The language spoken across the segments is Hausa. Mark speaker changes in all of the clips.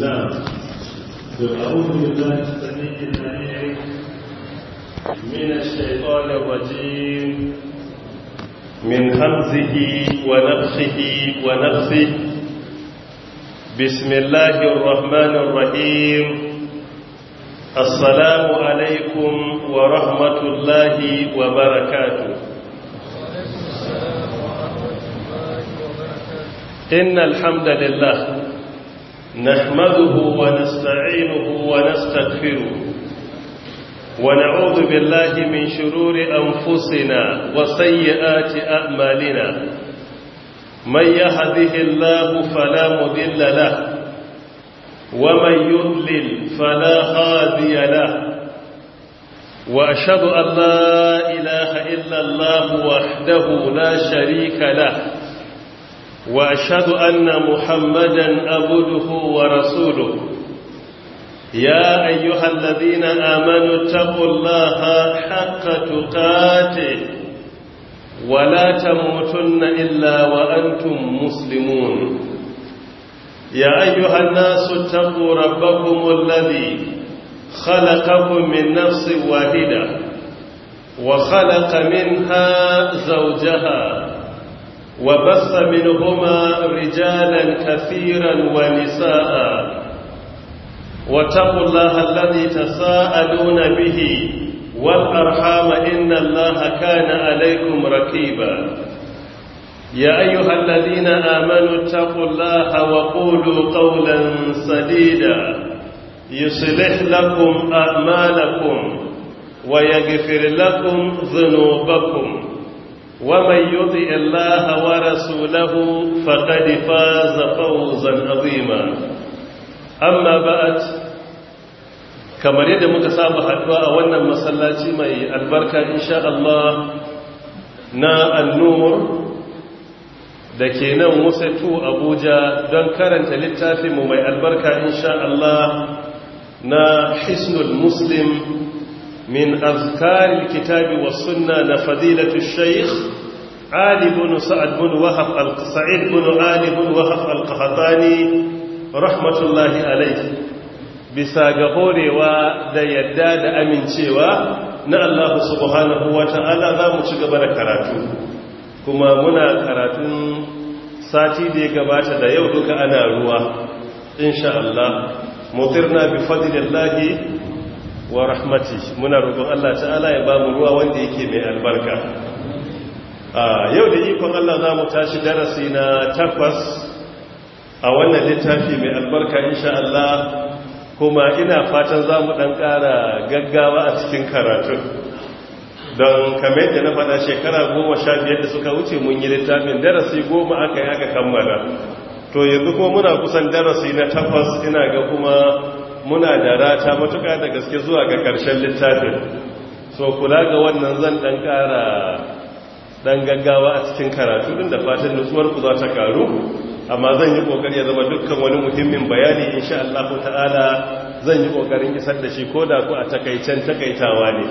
Speaker 1: نعم
Speaker 2: أعوذ بالله السميع العليم من الشيطان الرجيم من همزه ونفخه ونفسه بسم الله الرحمن الرحيم السلام عليكم ورحمة الله وبركاته إن الحمد لله نحمده ونستعينه ونستغفره ونعوذ بالله من شرور أنفسنا وسيئات أعمالنا من يهده الله فلا مذل له ومن يضلل فلا هادي له وأشهد أن لا إله إلا الله وحده لا شريك له وأشهد أن محمدا أبده ورسوله يا أيها الذين آمنوا اتقوا الله حق تقاته ولا تموتن إلا وأنتم مسلمون يا أيها الناس اتقوا ربكم الذي خلقكم من نفس واحدة وخلق منها زوجها وبث منهما رجالا كثيرا ونساء واتقوا الله الذي تساءلون به والأرحام إن الله كان عليكم ركيبا يا أيها الذين آمنوا اتقوا الله وقولوا قولا سديدا يصلح لكم أعمالكم ويغفر لكم ذنوبكم ومن يطع الله ورسوله فقد فاز فوزا عظيما أما بعد kamar yadda muka saba haɗuwa a wannan masallaci mai albarka insha Allah na annur da ke nan wasatu Abuja don karanta littafinmu mai albarka insha Allah na Hisnul Muslim Min أذكار kitabi والسنة لفضيلة الشيخ علي بن سعد بن وهب سعيد بن علي بن وهب القحطاني رحمة bisa ga horewa da yadda da amincewa na Allahu subhanahu wa ta'ala za mu ci gaba da karatu kuma muna karatun sati da ya gabata da yau duka ana ruwa insha Allah mutirna bi fadlillahi wa rahmati muna roƙon Allah ta'ala ya bamu ruwa wanda yake mai albarka a yau da ikon Allah za mu tashi darasi na takwas a wannan littafi mai albarka insha Allah kuma ina fatan za mu ɗan ƙara gaggawa a cikin karatu don kamar yadda na faɗa shekara goma sha biyar da suka wuce mun yi littafin darasi goma aka yi aka kammala to yanzu ko muna kusan darasi na takwas ina ga kuma muna da rata matuka da gaske zuwa ga ƙarshen littafin so kula ga wannan zan ɗan ƙara ɗan gaggawa a cikin karatu din da fatan nutsuwar ku za ta karu amma zan yi ƙoƙari ya zama dukkan wani muhimmin bayani sha Allah ta'ala zan yi ƙoƙarin isar da shi ko da ku a takaicen takaitawa ne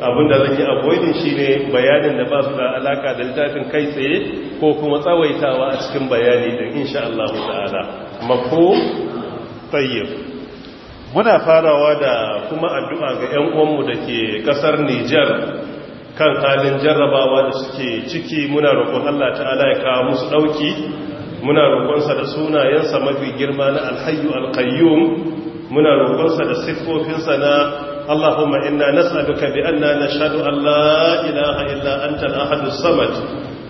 Speaker 2: abin da zan yi a shi ne bayanin da ba su da alaka da littafin kai tsaye ko kuma tsawaitawa a cikin bayani in sha Allah ta'ala muna farawa da kuma addu'a ga 'yan uwanmu da ke ƙasar Nijar kan halin jarrabawa da suke ciki muna roƙon Allah ta'ala ya kawo musu ɗauki muna roƙonsa da sunayensa mafi girma na alhayu alkayyum muna roƙonsa da siffofinsa na Allahumma inna nas'aluka bi anna nashhadu an la ilaha illa anta al-ahadus samad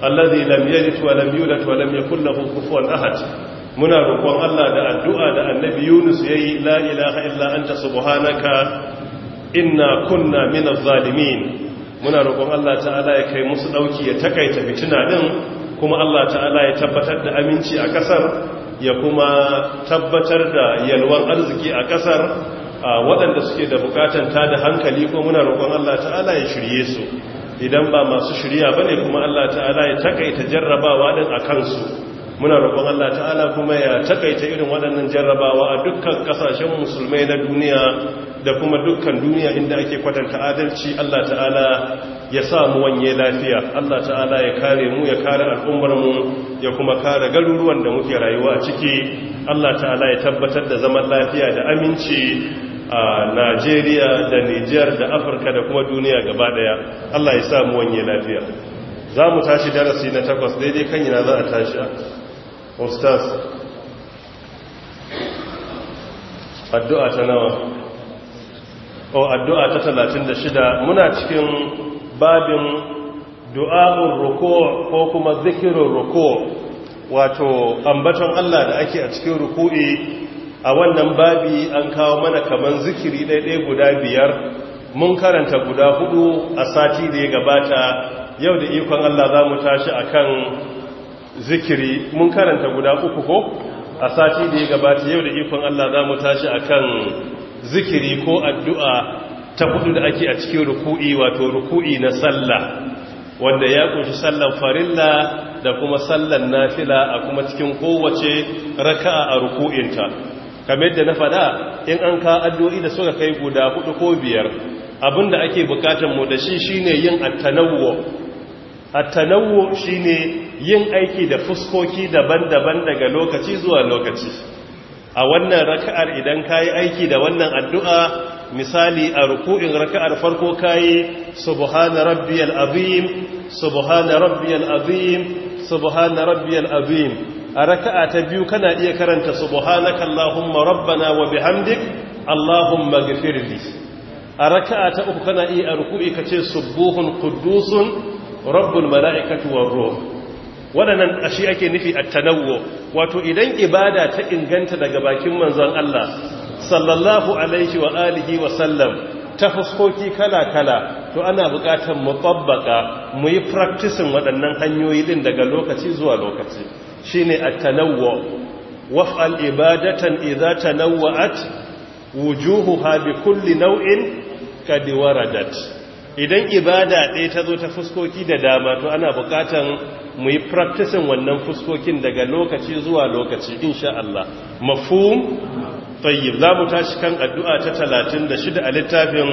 Speaker 2: alladhi lam yalid wa lam yulad wa lam yakul lahu kufuwan ahad muna roƙon Allah da addu'a da annabi Yunus ya yi la'ilaha illa anta subhanaka inna kunna minaz zalimin muna roƙon Allah ta'ala ya kai musu ɗauki ya takaita fitina din kuma Allah ta'ala ya tabbatar da aminci a kasar ya kuma tabbatar da yalwan arziki a kasar waɗanda suke da bukatan ta da hankali ko muna roƙon Allah ta'ala ya shirye su idan ba masu shirya ne kuma Allah ta'ala ya takaita jarrabawa din a kansu muna rabon Allah ta'ala kuma ya takaita irin waɗannan jarrabawa a dukkan ƙasashen musulmai na duniya da kuma dukkan duniya inda ake kwatanta adalci Allah ta'ala ya sa mu wanye lafiya Allah ta'ala ya kare mu ya kare al'ummar mu ya kuma kare garuruwan da muke rayuwa a ciki Allah ta'ala ya tabbatar da zaman lafiya da aminci a Najeriya da Nijar da Afirka da kuma duniya gaba daya Allah ya sa mu wanye lafiya za mu tashi darasi na takwas daidai kan yana za a tashi ustaz addu'a ta nawa o oh, addu'a ta talatin da shida muna cikin babin du'a'un ruko ko kuma zikirin ruko wato ambaton Allah da ake a cikin ruku'i a wannan babi an kawo mana kaman zikiri ɗaiɗai guda biyar mun karanta guda hudu a sati da ya gabata yau da ikon Allah za mu tashi a kan. zikiri mun karanta guda uku ko a sati da ya gabata yau da ikon Allah za mu tashi a kan zikiri ko addu'a ta hudu da ake a cikin ruku'i wato ruku'i na sallah wanda ya kunshi sallan farilla da kuma sallan nafila a kuma cikin kowace raka'a a ruku'inta kamar da na fada in an ka addu'o'i da suka kai guda hudu ko biyar abinda ake bukatan mu da shi shine yin at tanawo shi ne yin aiki da fuskoki daban-daban daga lokaci zuwa lokaci a wannan raka'ar idan ka yi aiki da wannan addu'a misali a ruku'in raka'ar farko ka kayi subhana rabbiyal abin, subhana rabbiyal abin, subhana rabbiyal abin. a raka'a ta biyu kana iya karanta subhanaka allahumma rabbana wa bihamdik allahumma ghfirli a raka'a ta uku kana iya ruku'i kace subuhun kudusun. rabbul mala'ikatu war ruh waɗannan ashe ake nufi a tanawo, wato idan ibada ta inganta daga bakin manzon Allah sallallahu alaihi wa alihi wa sallam ta fuskoki kala-kala to ana buƙatar mu tabbaka mu yi practicing waɗannan hanyoyi din daga lokaci zuwa lokaci shine at-tanawwu waf'al ibadatan idza tanawwa'at wujuhuha bi kulli nau'in kad waradat idan ibada ɗaya ta zo ta fuskoki da dama to ana buƙatan mu yi practicing wannan fuskokin daga lokaci zuwa lokaci insha Allah mafhum tayyib za mu tashi kan addu'a ta 36 a littafin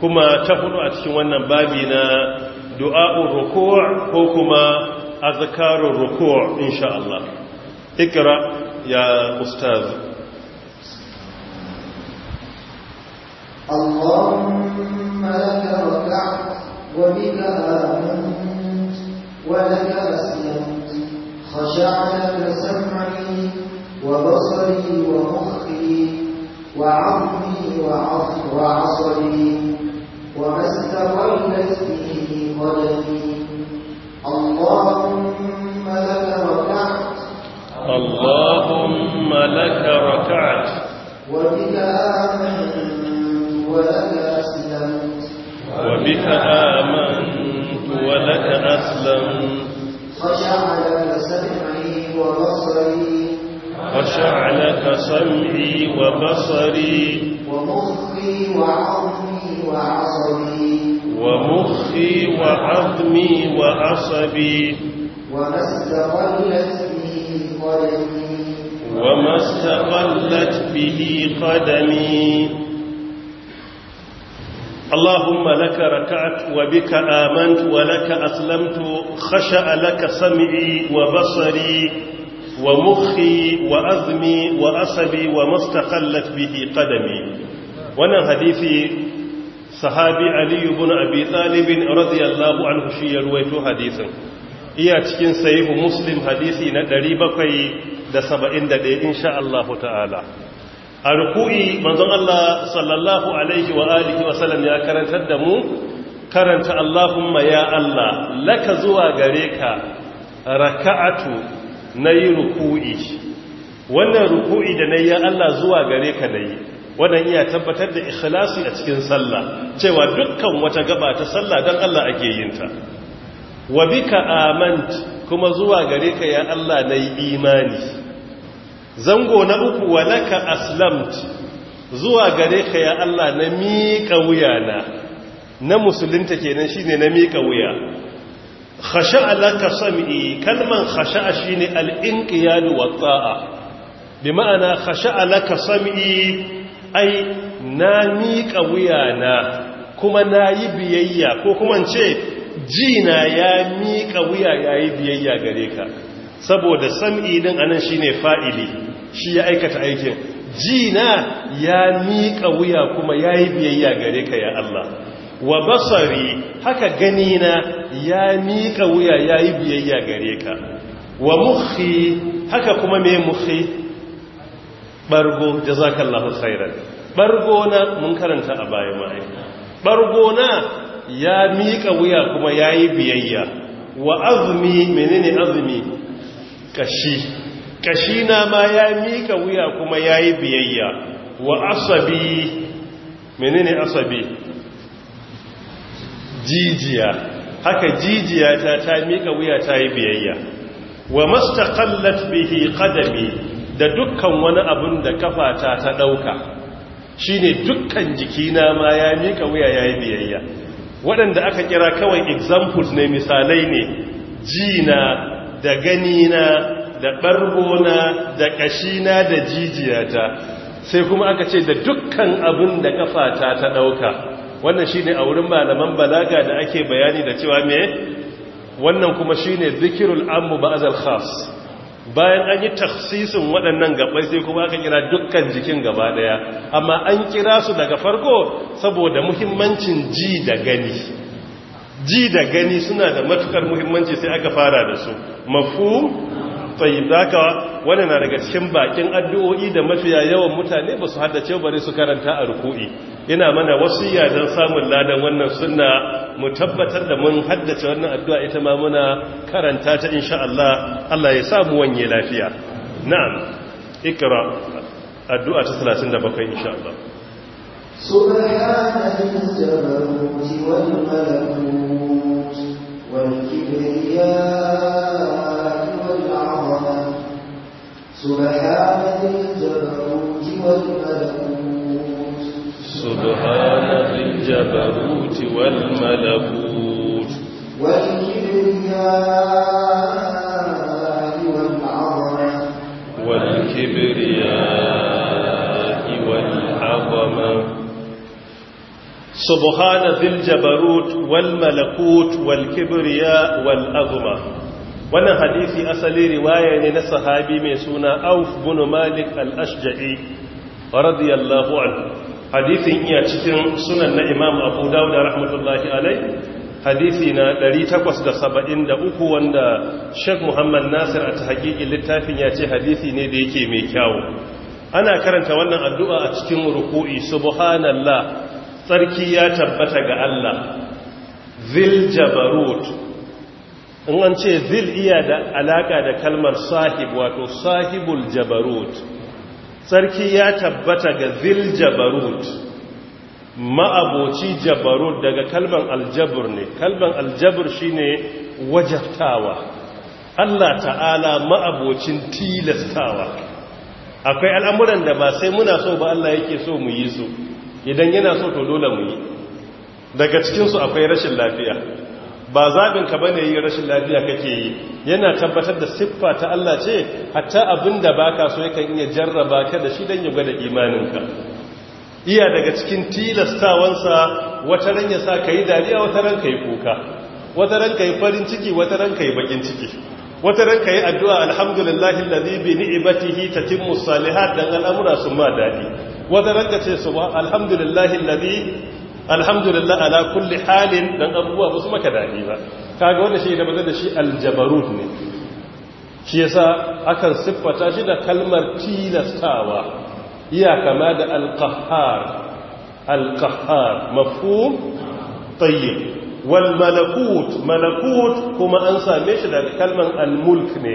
Speaker 2: kuma ta hudu a cikin wannan babi na du'a'ur ruku' ko kuma azkarur ruku' insha Allah ikra ya ustaz
Speaker 3: اللهم لك ركعت وبك آمنت ولك أسلمت خشع لك سمعي
Speaker 1: وبصري
Speaker 3: ومخي وعظمي وعصري وما استقلت به قدمي اللهم لك ركعت
Speaker 1: اللهم لك ركعت وبك
Speaker 3: آمنت ولك أسلمت وبك آمنت
Speaker 2: ولك أسلمت
Speaker 3: خشع لك سمعي وبصري
Speaker 2: خشع لك سمعي وبصري ومخي
Speaker 1: وعظمي وعصبي ومخي وعظمي
Speaker 2: وعصبي وما استقلت
Speaker 3: به قدمي وما استقلت
Speaker 2: به قدمي اللهم لك ركعت وبك آمنت ولك أسلمت خشأ لك سمعي وبصري ومخي وأذمي وأسبي وما استقلت به قدمي وانا حديثي صحابي علي بن أبي طالب رضي الله عنه شيء الويت حديثا iya cikin sahihu muslim hadisi na 771 insha Allah ta'ala a ruku'i manzon Allah sallallahu alaihi wa alihi wa sallam ya karantar da mu karanta Allahumma ya Allah laka zuwa gare ka raka'atu nayi ruku'i wannan ruku'i da nayi ya Allah zuwa gare ka nayi wannan iya tabbatar da ikhlasi a cikin sallah cewa dukkan wata gaba ta sallah dan Allah ake yin ta wa bika amant kuma zuwa gare ka ya Allah nayi imani zango na uku walaka aslamt, zuwa gare ka ya Allah na miƙa wuyana na musulunta kenan shine na miƙa wuya khasha laka sam'i kalman khasha shine al-inqiyad wa ta'a bi ma'ana khasha laka sam'i ai na miƙa wuyana kuma nayi biyayya ko kuma ce ji na ya miƙa wuya yayi biyayya gare ka saboda sam'i din anan shine fa'ili shi ya aikata aikin jina ya miƙa wuya kuma ya yi biyayya gare ka ya Allah wa basari haka gani na ya miƙa wuya ya yi biyayya gare ka wa muhi haka kuma mai muhi bargo jazakallahu khairan bargo na mun karanta a baya ma'ai bargo na ya miƙa wuya kuma ya yi biyayya wa azumi menene azumi ƙashi kashina ma ya mika wuya kuma ya yi biyayya wa asabi menene asabi jijiya haka jijiya ta ta mika wuya ta yi biyayya wa mastaqallat bihi qadami da dukkan wani abun da kafata ta dauka shine dukkan jikina ma ya mika wuya ya yi biyayya waɗanda aka kira kawai examples ne misalai ne jina da ganina da ɓargona da ƙashina da jijiyata sai kuma aka ce da dukkan abin da ƙafata ta ɗauka wannan shi ne a wurin malaman balaga da ake bayani da cewa me wannan kuma shi ne zikirul ammu ba'azal khas bayan an yi taksisin waɗannan gabai sai kuma aka kira dukkan jikin gaba ɗaya amma an kira su daga farko saboda muhimmancin ji da gani ji da gani suna da matukar muhimmanci sai aka fara da su mafu tsayi zaka wani na daga cikin bakin addu'o'i da mafiya yawan mutane ba su haddace bari su karanta a ruku'i ina mana wasu yajen samun ladan wannan suna mu tabbatar da mun haddace wannan addu'a ita ma muna karanta ta insha Allah Allah ya samu wanye lafiya na'am ikira addu'a ta 37 insha Allah
Speaker 3: والكبرياء سبحان
Speaker 2: ذي الجبروت والملكوت
Speaker 3: والكبرياء
Speaker 2: والعظمة والكبرياء والعظمة سبحان ذي الجبروت والملكوت والكبرياء والعظمة wannan hadisi asali riwaya ne na sahabi mai suna auf bin malik al-ashja'i radiyallahu anhu hadisin iya cikin sunan na imam abu dawud rahmatullahi alai hadisi na 873 wanda sheikh muhammad nasir a tahqiqin littafin ya ce hadisi ne da yake mai kyau. ana karanta wannan addu'a a cikin ruku'i subhanallah tsarki ya tabbata ga Allah zil jabarut in an ce zil iya da alaka da kalmar sahib wato sahibul jabarut sarki ya tabbata ga zil jabarut ma'aboci jabarut daga kalban aljabur ne kalban aljabur shine wajabtawa Allah ta'ala ma'abocin tilastawa akwai al'amuran da ba sai muna so ba Allah yake so mu yi su idan yana so to dole mu yi daga cikinsu akwai rashin lafiya ba zaɓin ba ne yi rashin lafiya kake yi yana tabbatar da siffa ta Allah ce hatta abin da baka ka so yakan iya jarraba ka da shi don ya gwada imaninka iya daga cikin tilastawansa wata ran ya sa ka yi dariya wata ran ka kuka wata ran ka farin ciki wata ran ka bakin ciki wata ran ka yi addu'a alhamdulillahi lalzi bi ni'matihi tatimmu salihat dan al'amura sun ma dadi wata ran ka ce subhanallahi alhamdulillahi alhamdulillah ala kulli halin dan abubuwa ba maka daɗi ba kaga wannan shi da bazar da shi aljabarut ne shi yasa akan siffata shi da kalmar tilastawa iya kama da alqahhar alqahhar mafhum tayyib wal malakut malakut kuma an same shi da kalmar almulk ne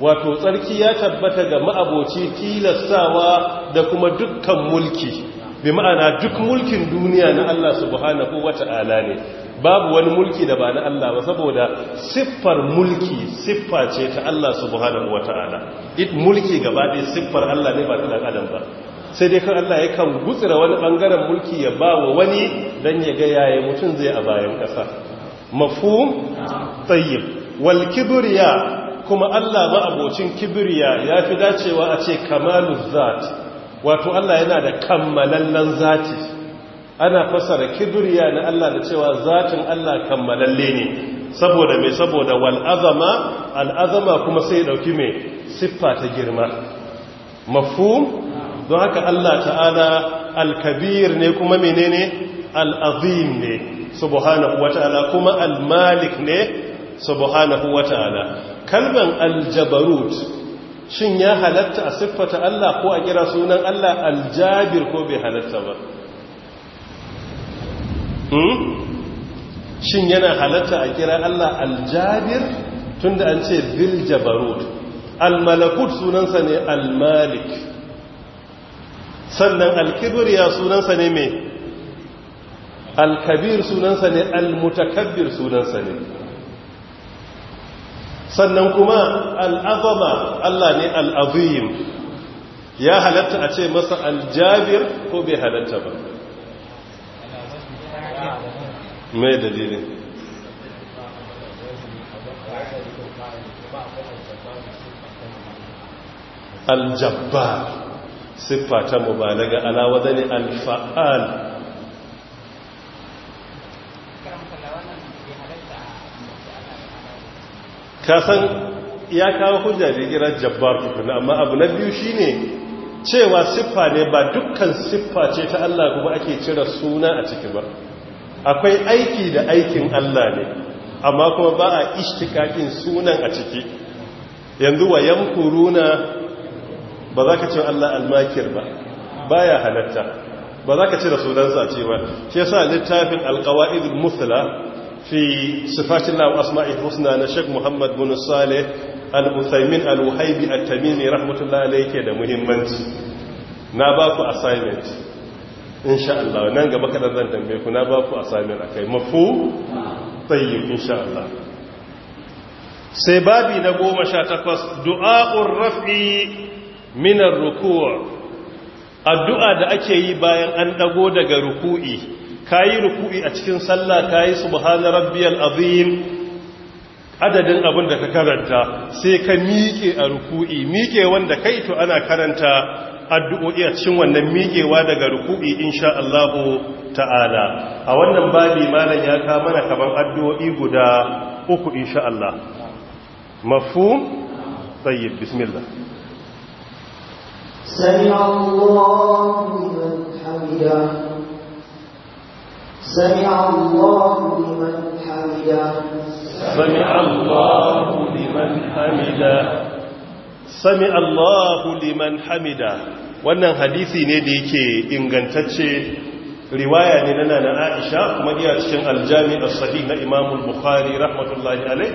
Speaker 2: wato tsarki ya tabbata ga ma'aboci tilastawa da kuma dukkan mulki bi ma'ana duk mulkin duniya na Allah subhanahu ta'ala ne babu wani mulki da ba na Allah ba saboda siffar mulki siffa ce ta Allah subhanahu wa ta'ala, it mulki gaba ɗaya siffar Allah ne ba ta adam ba sai dai kan Allah yakan gutsira wani bangaren mulki ya ba wa wani dan ya ga yaya mutum zai a bayan ƙasa mafhum tayyib wal kibriya kuma Allah ba abocin kibriya yafi dacewa a ce kamaluz zat wato Allah yana da kammalallen zati ana fasara kibriya na Allah da cewa zatin Allah kammalalle ne saboda mai saboda wal azama al azama kuma sai dauki mai siffa ta girma mafhum don haka Allah ta'ala al kabir ne kuma menene al azim ne subhanahu wata'ala kuma al malik ne subhanahu wata'ala kalban al jabarut shin ya halatta a siffata Allah ko a kira sunan Allah aljabir ko bai halatta ba hmm? shin yana halatta a kira Allah aljabir tunda an ce bil jabarut almalakut sunansa ne almalik sannan alkibriya sunansa ne mai alkabir sunansa ne almutakabbir sunansa ne sannan kuma al'azama Allah ne al'azim ya halatta a ce masa aljabir ko bai halatta ba
Speaker 1: mai dalilin
Speaker 2: Aljabba siffa ta mubalaga alawa zane alfa'al Kasan ya kawo hujja da kira jabbar tukuna amma abu na biyu shine cewa siffa ne ba dukkan siffa ce ta Allah kuma ake cire suna a ciki ba akwai aiki da aikin Allah ne amma kuma ba a ishtikakin sunan a ciki yanzu wa yamkuruna ba za ka ce Allah almakir ba ba ya halatta ba za ka cire sunansa zaci ba shi yasa littafin alkawa'id musula. في صفات الله وأسماء الحسنى نشك محمد بن الصالح الأثيمين الوهيبي التميمي رحمة الله عليه كده مهمة نباكو assignment insha Allah nan gaba kadan zan tambaye ku na ba ku assignment akai mafu tayyib sai babi na 18 du'a'ur raf'i min ar-ruku' addu'a da ake yi bayan an ɗago daga ruku'i kayi ruku'i a cikin sallah kayi subhana rabbiyal azim adadin abin da ka karanta sai ka miƙe a ruku'i miƙe wanda kai to ana karanta addu'o'i a cikin wannan miƙewa daga ruku'i insha Allah ta'ala a wannan babi malam ya ka mana kaban addu'o'i guda uku insha Allah mafhum tayyib bismillah
Speaker 3: sami Allahu liman سمع الله لمن
Speaker 2: حمده سمع الله لمن حمده Sami Allahu liman hamida. wannan hadisi ne da yake ingantacce riwaya ne na nana Aisha kuma iya cikin aljami as-sahih na Imam al-Bukhari rahmatullahi alayh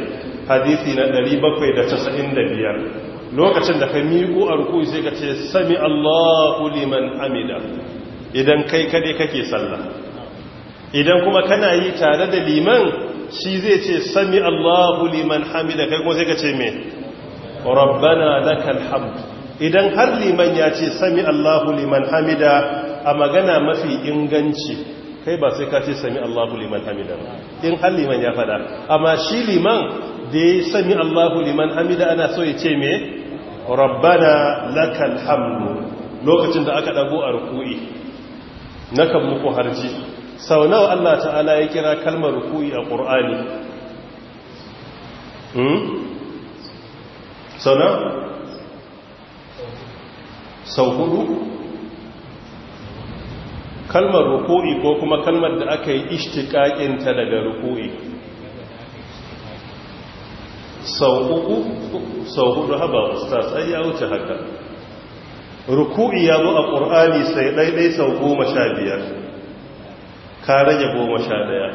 Speaker 2: hadisi na 795 lokacin da ka miƙo a ruku sai ka ce sami Allahu liman hamida idan kai kade kake sallah idan kuma kana yi tare da liman shi zai ce sami Allahu liman hamida kai kuma sai ka ce me rabbana lakal hamd idan har liman ya ce sami Allahu liman hamida a magana mafi inganci kai ba sai ka ce sami Allahu liman hamida in har liman ya fada amma shi liman da ya sami Allahu liman hamida ana so ya ce me rabbana lakal hamd lokacin da aka dago a ruku'i nakan muku harji sau nawa Allah ta'ala ya kira kalmar ruku'i a ƙur'ani hmm? sau nawa sau hudu kalmar ruku'i ko kuma kalmar da aka yi ishtiƙaƙinta daga ruku'i sau uku sau hudu haba ustaz ai ya wuce haka ruku'i ya bu a ƙur'ani sai ɗaiɗai sau goma sha biyar ka rage goma sha ɗaya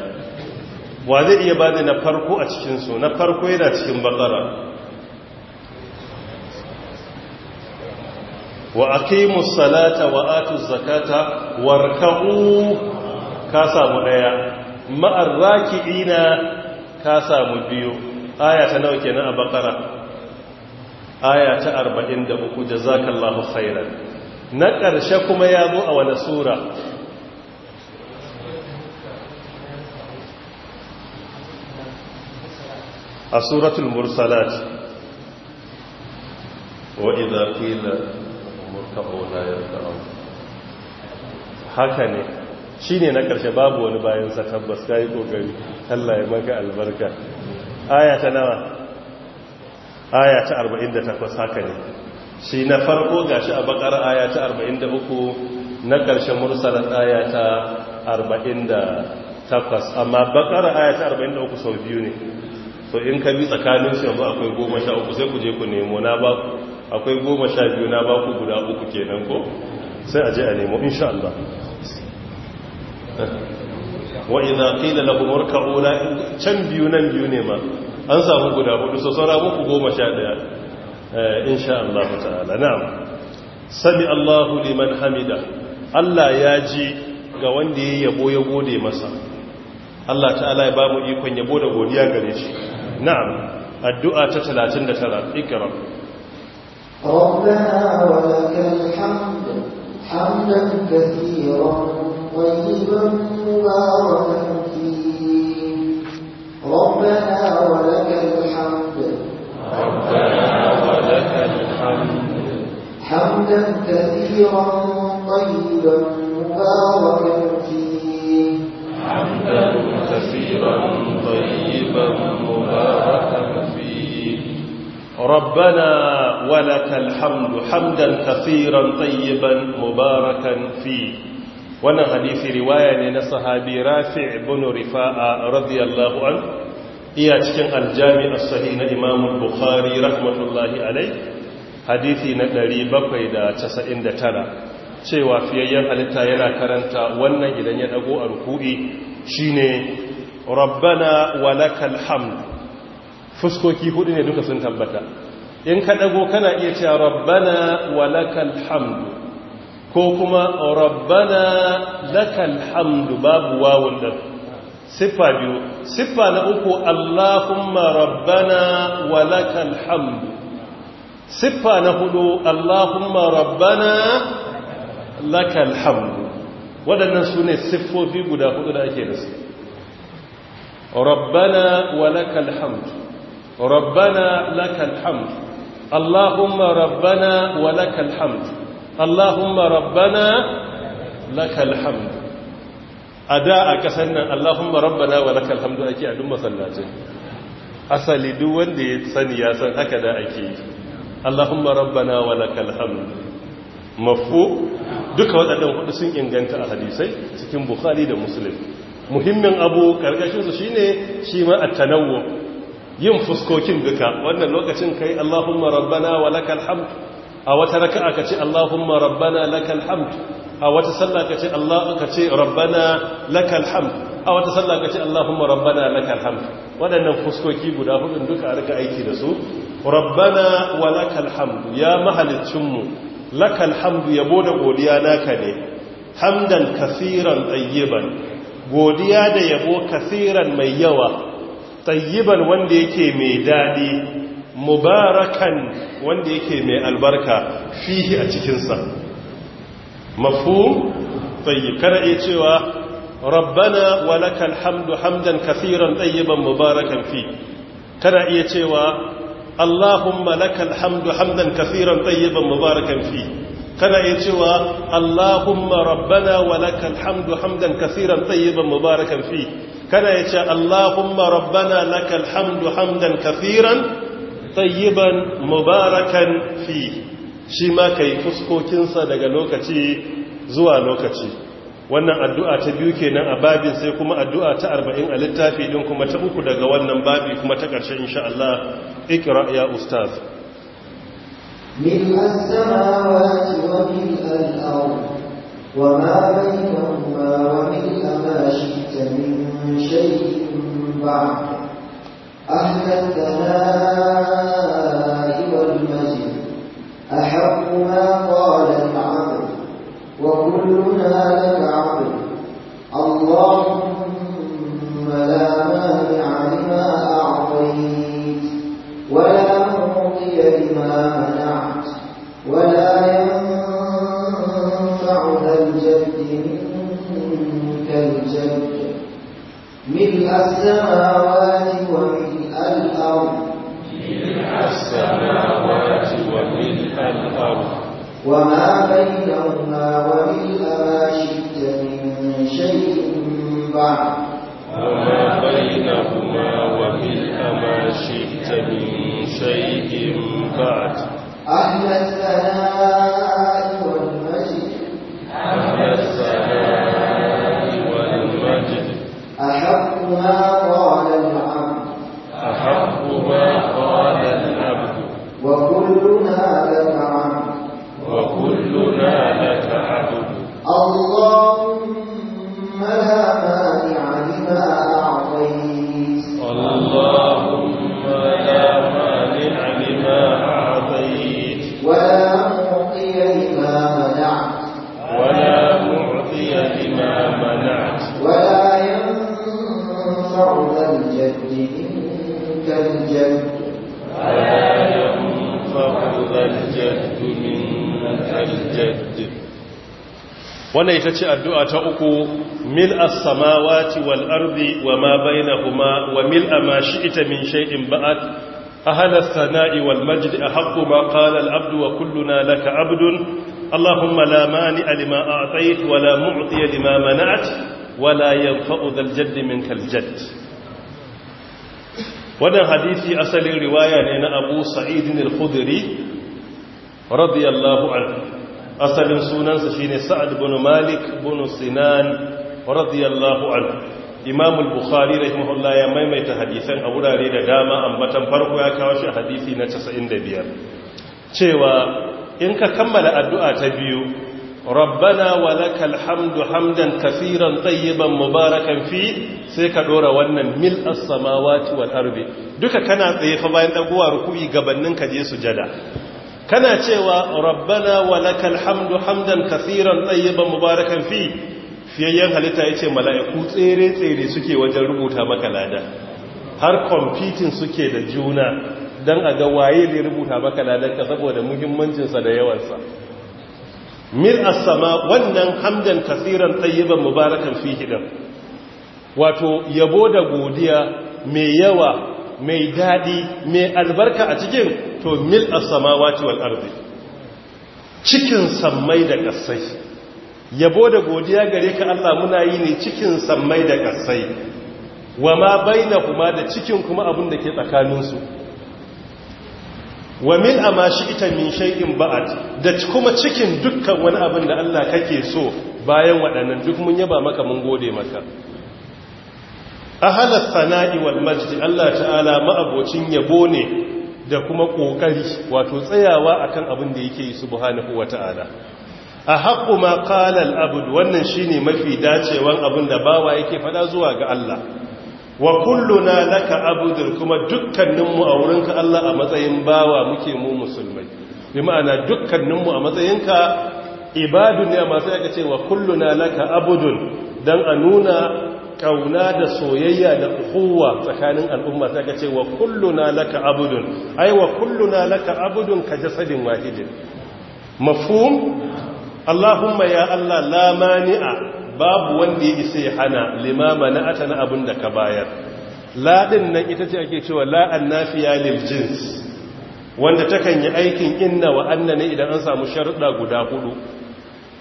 Speaker 2: wa zai iya bani na farko a cikinsu na farko yana cikin bakara wa aqimu salata wa atu zakata warka'u ka samu daya ma'ar raki'ina ka samu biyu aya ta nawa kenan a bakara aya ta 43 jazakallahu khairan na ƙarshe kuma ya zo a wani sura a suratul mursalat wa idza qila murka'u la yarka'u haka ne shine na karshe babu wani bayan sa tabbas kai kokari Allah ya maka albarka aya ta nawa aya ta 48 haka ne shi na farko gashi a bakara aya ta 43 na karshe mursalat aya ta 48 amma bakara aya ta 43 sau biyu ne so in ka bi tsakanin su yanzu akwai goma sha uku sai ku je ku nemo na ba ku akwai goma sha biyu na ba ku guda uku kenan ko sai a je a nemo insha Allah wa idza qila lahum urka'u la can biyu nan biyu ne ma an samu guda hudu so saura muku goma sha daya eh, insha Allah ta'ala na'am sami Allahu liman hamida Allah ya ji ga wanda ya yabo ya gode masa Allah ta'ala ya ba mu ikon yabo da godiya gare shi نعم الدعاء تتلاتين 39 ikram
Speaker 3: ربنا ولك الحمد حمدا كثيرا طيبا مباركا فيه ربنا ولك الحمد ربنا ولك
Speaker 1: الحمد
Speaker 3: حمدا كثيرا طيبا
Speaker 1: مباركا حمدا
Speaker 2: كثيرا طيبا مباركا فيه ربنا ولك الحمد حمدا كثيرا طيبا مباركا فيه wannan hadisi riwaya ne na sahabi rafi' ibn rifa'a radiyallahu an iya cikin aljami as na imam bukhari rahmatullahi alai. hadisi na 799 cewa fiyayyen halitta yana karanta wannan idan ya dago a ruku'i shine rabbana walakal hamd fuskoki hudu ne duka sun tabbata in ka dago kana iya cewa rabbana walakal hamd ko kuma rabbana lakal hamd babu wawun da siffa biyu siffa na uku allahumma rabbana walakal hamd siffa na hudu allahumma rabbana lakal hamdu waɗannan su ne siffofi guda hudu da ake da su rabbana wa lakal hamdu rabbana lakal hamdu allahumma rabbana wa lakal hamdu allahumma rabbana lakal hamdu a da a ƙasar nan allahumma rabbana wa lakal hamdu ake a duk masallacin asali duk wanda ya sani ya san haka da ake yi. allahumma rabbana wa lakal hamdu mafu duka waɗannan hudu sun inganta a hadisai cikin bukhari da muslim muhimmin abu karkashinsu shine shi ma a tanawo. yin fuskokin duka wannan lokacin kai Allahumma rabbana wa lakal hamd a wata raka aka ce Allahumma rabbana lakal hamd a wata sallah ce Allah ce rabbana lakal hamd a wata sallah ce Allahumma rabbana lakal hamd waɗannan fuskoki guda hudu duka rika aiki da su rabbana wa lakal hamd ya mahaliccinmu lakal hamdu yabo da godiya naka ne hamdan kasiran tayyiban godiya da yabo kasiran mai yawa tsayyiban wanda yake mai daɗi. mubarakan wanda yake mai albarka fihi a cikinsa mafhum tayyib kana iya cewa rabbana walakal hamdu hamdan kasiran tayyiban mubarakan fi kana iya cewa Allahumma lakal hamdu hamdan kafiran tayyiban mubarakan fi kana iya cewa Allahumma rabbana wa lakal hamdu hamdan kafiran tayyiban mubarakan fi kana iya cewa Allahumma rabbana lakal hamdu hamdan kafiran tayyiban mubarakan fi shi ma kai fuskokinsa daga lokaci zuwa lokaci wannan addu'a ta biyu kenan a babin sai kuma addu'a ta arba'in a littafi din kuma ta uku daga wannan babi kuma ta ƙarshe insha Allah اقرأ يا أستاذ
Speaker 3: من السماوات ومن الأرض وما بينهما ومن ما شئت من شيء بعد أهل الثناء والمجد أحق ما قال العبد وكلنا لك عبد اللهم لا مانع لما أعطيت ولا معطي لما منعت ولا ينفع ذا الجد منك الجد ملء السماوات وملء الأرض
Speaker 1: السماوات وملء الأرض وما
Speaker 3: بينهما وملء ما شئت من شيء بعد وما بينهما
Speaker 1: وملء ما شئت شيء بعد
Speaker 3: أهل الثناء والمجد
Speaker 1: أهل الثناء والمجد
Speaker 3: أحق ما
Speaker 2: wannan ita ce addu'a ta uku mil as-samawati wal ardi wa ma bainahuma wa mil ma ita min shay'in ba'd ahla as-sana'i wal majd ahqqu ma qala abdu wa kulluna laka abdun allahumma la mani'a lima a'tayt wa la mu'tiya lima mana'at wa la yanfa'u dhal jaddi minkal wannan hadisi asalin riwaya ne na abu sa'idin al-khudri radiyallahu anhu asalin sunansa shine sa'ad bin malik bin sinan radiyallahu anhu imam al-bukhari rahimahullah ya maimaita hadisan a wurare da dama ambatan farko ya kawo shi hadisi na 95 cewa in ka kammala addu'a ta biyu rabbana wa lakal hamdu hamdan kaseeran tayyiban mubarakan fi sai ka dora wannan mil as-samawati wal ardi duka kana tsaye fa bayan dagowa ruku'i gabannin ka je sujada kana cewa rabbana wa lakal hamdu hamdan kaseeran tayyiban mubarakan fi fiyayyen halitta yace mala'iku tsere tsere suke wajen rubuta maka lada har competing suke da juna dan a ga waye zai rubuta maka ladan ka saboda muhimmancin sa da yawan sa mir as-sama wannan hamdan kaseeran tayyiban mubarakan fi hidan wato yabo da godiya mai yawa mai dadi mai albarka a cikin to mil a sama wal arzi cikin sammai da ƙasai yabo da godiya gare ka Allah muna yi ne cikin sammai da ƙasai wa ma kuma da cikin kuma abin da ke tsakaninsu wa mil a mashi ita min shaikin ba'ad da kuma cikin dukkan wani abin da Allah kake so bayan waɗannan duk mun yaba maka mun gode maka ahalas sana'i wal majdi Allah ta'ala ma'abocin yabo ne da kuma ƙoƙari wato tsayawa akan abin da yake yi subhanahu wata'ala a haƙƙu ma al abud wannan shine mafi dacewan abin da bawa yake fada zuwa ga Allah wa kulluna laka abudun kuma dukkaninmu a wurinka Allah a matsayin bawa muke mu musulmai bi ma'ana dukkaninmu a matsayinka ibadun ne amma sai aka ce wa kulluna laka abudun dan a nuna kauna da soyayya da kuwa tsakanin al'umma ta ce wa kulluna laka abudun ai wa kulluna laka abudun ka jasadin wahidin mafhum Allahumma ya Allah la mani'a babu wanda ya isa ya hana limama na atana abun da ka bayar Laɗin nan ita ce ake cewa la annafiya lil jins wanda takan yi aikin inna wa anna idan an samu sharuɗa guda hudu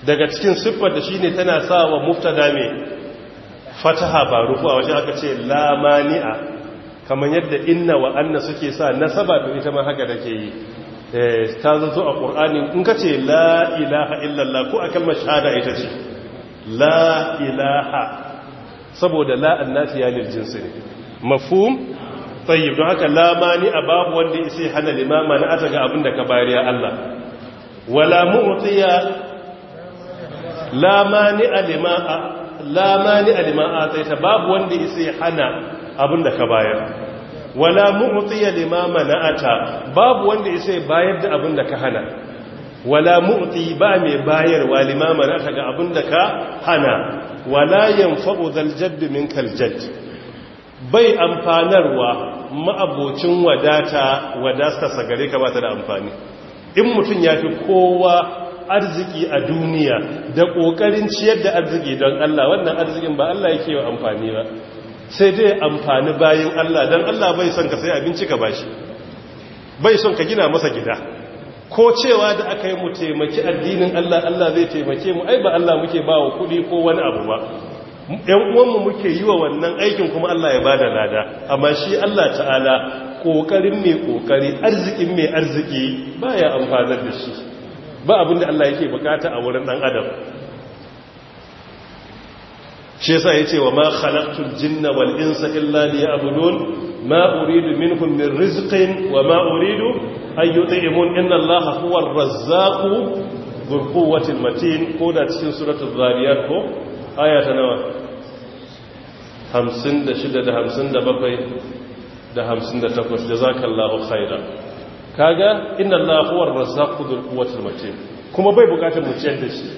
Speaker 2: daga cikin siffar da shine tana sawa muftada mai fataha ba rufu a waje aka ce lamani'a kamar yadda inna wa anna suke sa nasaba da ita ma haka take yi eh, ta zo a ƙur'ani in ka ce la ilaha illallah ko a kalmar shahada ita ce la ilaha saboda la annati ya lil jinsi ne mafhum tayyib don haka lamani'a babu wanda isa hana limama na ataga abin da ka bayar ya Allah wala mu'tiya lamani lamani alima ataita babu wanda isa hana abin da ka bayar wala mu'tiya lima mana'ata babu wanda isa bayar da abin da ka hana wala mu'ti ba mai bayarwa lima mana'ata ga da ka hana wala yanfa'u zal jadd minkal jadd bai amfanarwa ma'abocin wadata wadasta sagare ka ba ta da amfani in mutum ya fi kowa arziki a duniya da ƙoƙarin ciyar da arziki don Allah wannan arzikin ba Allah yake wa amfani ba sai dai amfani bayan Allah don Allah bai son ka sai abinci ka bashi bai son ka gina masa gida ko cewa da aka yi mu taimaki addinin Allah Allah zai taimake mu ai ba Allah muke ba wa kuɗi ko wani abu ba ‘yan uwanmu muke yi wa wannan aikin kuma Allah ya bada lada amma shi Allah ta'ala ƙoƙarin mai ƙoƙari arzikin mai arziki baya amfanar da shi ba abin da Allah yake bukata a wurin dan adam shi yasa yace wa ma khalaqtul jinna wal insa illa liya'budun ma uridu minhum min rizqin wa ma uridu an yut'imun inna Allaha huwar razzaqu dhul quwwatil matin ko da cikin suratul zariyat ko aya ta nawa 56 da 57 da 58 jazakallahu khairan kaga inna Allah huwar ar quwwatul matin kuma bai bukatar mu ciyar da shi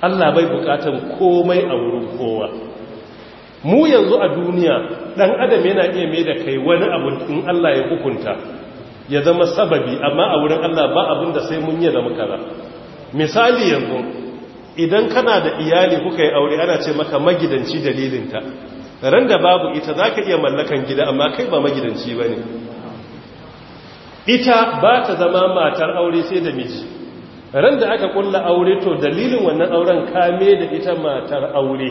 Speaker 2: Allah bai bukatar komai a wurin kowa mu yanzu a duniya dan adam yana iya mai da kai wani abu in Allah ya hukunta ya zama sababi amma a wurin Allah ba abin da sai mun yi zama kaza misali yanzu idan kana da iyali kuka yi aure ana ce maka magidanci dalilinta ran da babu ita zaka iya mallakan gida amma kai ba magidanci bane ita ba ta zama matar aure sai da miji ran da aka kulla aure to dalilin wannan auren kame da ita matar aure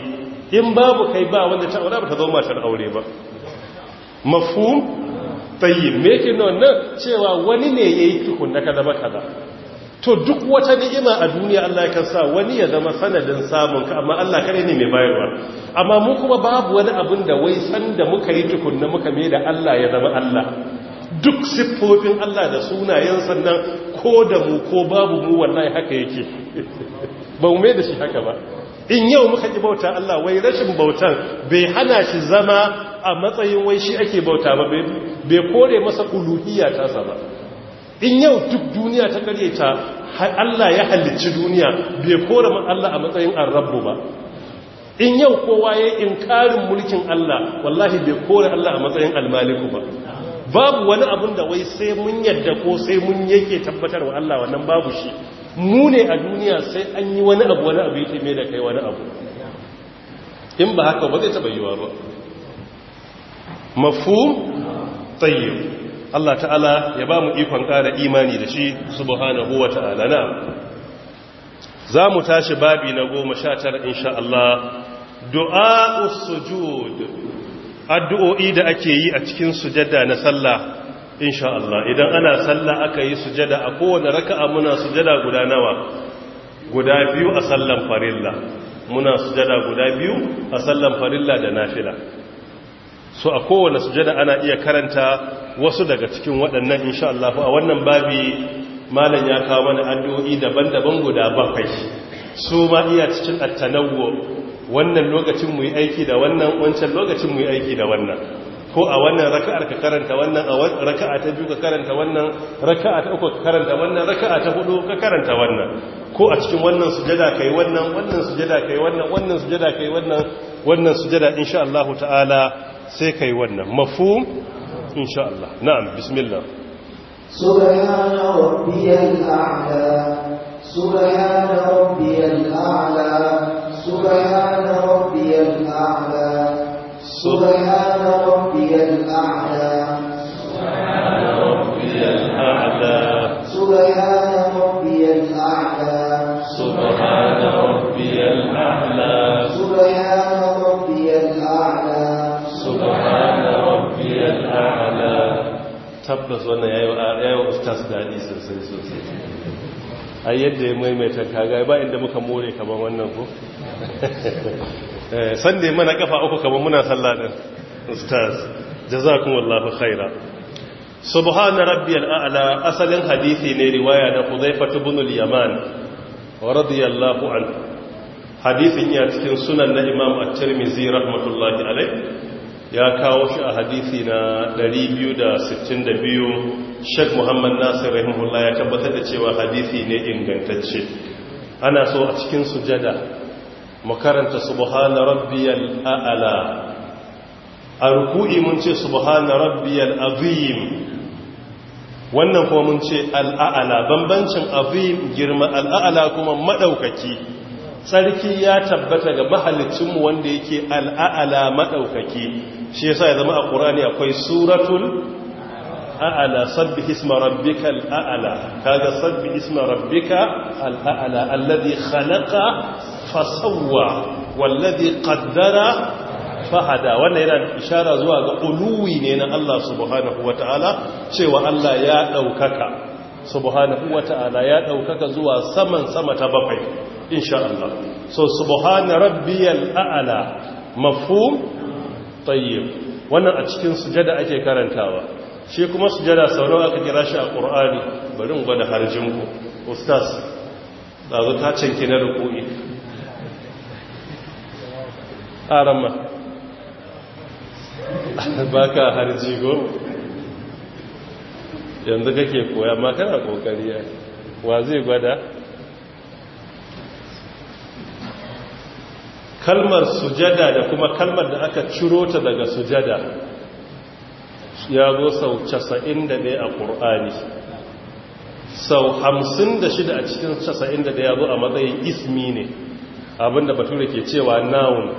Speaker 2: in babu kai ba wanda ta aure ba ta zama matar aure ba mafhum tayyib me yake nuna cewa wani ne yayi da kaza ba kaza to duk wata ni'ima a duniya Allah ya sa wani ya zama sanadin samun ka amma Allah kare ne mai bayarwa amma mu kuma babu wani abin da wai san da muka yi tukunna muka mai da Allah ya zama Allah duk siffofin Allah da sunayen sannan ko da mu ko babu mu wallahi haka yake ba mu mai da shi haka ba in yau muka ki bauta Allah wai rashin bautan bai hana shi zama a matsayin wai shi ake bauta ba bai kore masa uluhiyya ta sama in yau duk duniya ta ta Allah ya halicci duniya bai kore mu Allah a matsayin arrabu ba in yau kowa ya inkarin mulkin Allah wallahi bai kore Allah a matsayin almaliku ba babu wani abun da wai sai mun yadda ko sai mun yake tabbatar wa Allah wannan babu shi mu ne a duniya sai an yi wani abu wani abu yake mai da kai wani abu in ba haka ba zai taba yiwa ba Mafu tayyib Allah ta'ala ya ba mu ikon ƙara imani da shi subhanahu wa ta'ala na za mu tashi babi na goma sha tara insha Allah du'a usujud addu'o'i da ake yi a cikin sujada na sallah insha Allah idan ana sallah aka yi sujada a kowane raka'a muna sujada guda nawa guda biyu a sallan farilla muna sujada guda biyu a sallan farilla da nafila so a kowane sujada ana iya karanta wasu daga cikin waɗannan insha Allah a wannan babi malam ya kawo mana addu'o'i daban-daban guda bakwai su ma iya cikin at wannan lokacin mu yi aiki da wannan wancan lokacin mu yi aiki da wannan ko a wannan raka'ar ka karanta wannan a raka'a ta biyu ka karanta wannan raka'a ta uku ka karanta wannan raka'a ta hudu ka karanta wannan ko a cikin wannan sujada kai wannan wannan sujada kai wannan wannan sujada kai wannan wannan sujada insha Allah ta'ala sai kai wannan mafhum insha Allah na'am bismillah
Speaker 3: subhana rabbiyal a'la subhana rabbiyal a'la سبحان ربي الأعلى سبحان ربي الأعلى
Speaker 1: سبحان ربي الأعلى
Speaker 3: سبحان ربي الأعلى سبحان ربي الأعلى سبحان ربي الأعلى سبحان
Speaker 2: ربي الأعلى تبس وانا يا يا استاذ داني سلسلة سلسلة a yadda ya maimaita kaga ba inda muka more kamar wannan ko eh, Sannan mana kafa uku kamar muna sallah din ustaz jazakumullahu khaira subhana rabbiyal a'la asalin hadisi ne riwaya na Hudzaifah ibn al-Yaman radiyallahu anhu hadisin ya cikin sunan na Imam at-Tirmidhi rahmatullahi alayh ya kawo shi a hadisi na 262 Sheikh Muhammad Nasir rahimahullah ya tabbatar da cewa hadisi ne ingantacce ana so a cikin sujada mu karanta subhana rabbiyal a'la a ruku'i mun ce subhana rabbiyal azim wannan kuma mun ce al'a'la bambancin azim girma al'a'la kuma madaukaki sarki ya tabbata ga mu wanda yake al'a'la madaukaki shi yasa ya zama a Qur'ani akwai suratul a'ala sabbi isma rabbika al'ala kaga sabbi isma rabbika al'a'ala. alladhi khalaqa fasawwa walladhi qaddara fahada wannan yana ishara zuwa ga uluwi ne na Allah subhanahu wata'ala cewa Allah ya daukaka subhanahu wata'ala ya daukaka zuwa saman sama ta bakwai insha Allah so subhana rabbiyal a'ala. mafhum tayyib wannan a cikin sujada ake karantawa shi kuma sujada sau nawa aka kira shi a qur'ani bari in gwada harjin ku ustaz zo ta canke na rukuni. arama baka harji go yanzu kake koya ma kana kokari wa zai gwada kalmar sujada da kuma kalmar da aka ciro ta daga sujada ya zo sau 91 a ƙur'ani sau 56 a cikin 91 ya zo a matsayin ismi ne abinda bature ke cewa nawun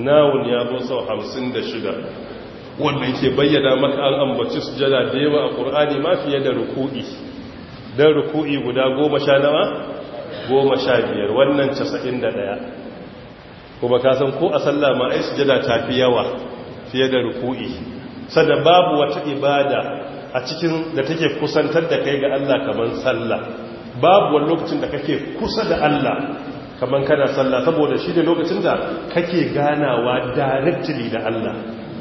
Speaker 2: nawun ya zo sau 56 wannan ke bayyana maka an ambaci sujada da yawa a ƙur'ani ma fiye da ruku'i don ruku'i guda goma sha nawa goma sha biyar wannan 91 kuma kasan ko a sallama ai sujada ta fi yawa fiye da ruku'i sada babu wata ibada a cikin da take kusantar da kai ga Allah kamar sallah babu wani lokacin da kake kusa da Allah kamar kana sallah saboda shi ne lokacin da kake ganawa directly da Allah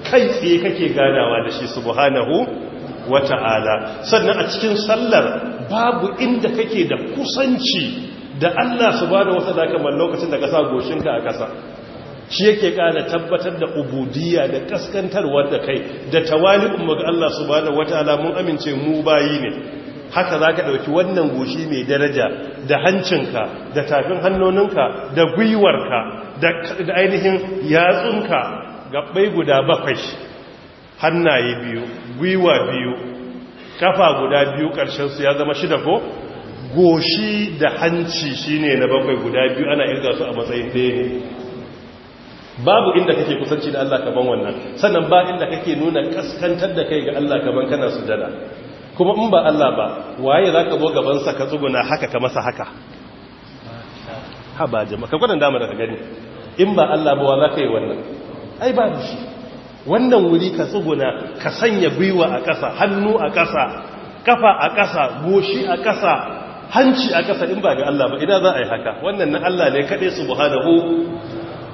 Speaker 2: kai tsaye kake ganawa da shi subhanahu wata'ala sannan a cikin sallar babu inda kake da kusanci da Allah subhanahu wata'ala kamar lokacin da ka sa ka a kasa shi yake ƙara tabbatar da ubudiyya da kaskantarwar da kai da tawali'un ga Allah su ba da wata mun amince mu bayi ne haka za ka ɗauki wannan goshi mai daraja da hancinka da tafin hannuninka da gwiwarka da ainihin yatsunka gabbai guda bakwai hannaye biyu gwiwa biyu kafa guda biyu su ya zama shida ko goshi da hanci shine na bakwai guda biyu ana irga su a matsayin ɗaya babu inda kake kusanci da Allah kaman wannan sannan ba inda kake nuna kaskantar da kai ga Allah kaman kana sujada kuma in ba Allah ba waye zaka zo gaban sa ka tsuguna haka ka masa haka haba jama'a ka gwada dama da ka gani in ba Allah ba wa zaka yi wannan ai da shi wannan wuri ka tsuguna ka sanya gwiwa a ƙasa hannu a ƙasa kafa a ƙasa goshi a ƙasa hanci a ƙasa in ba ga Allah ba idan za a yi haka wannan na Allah ne kaɗai subhanahu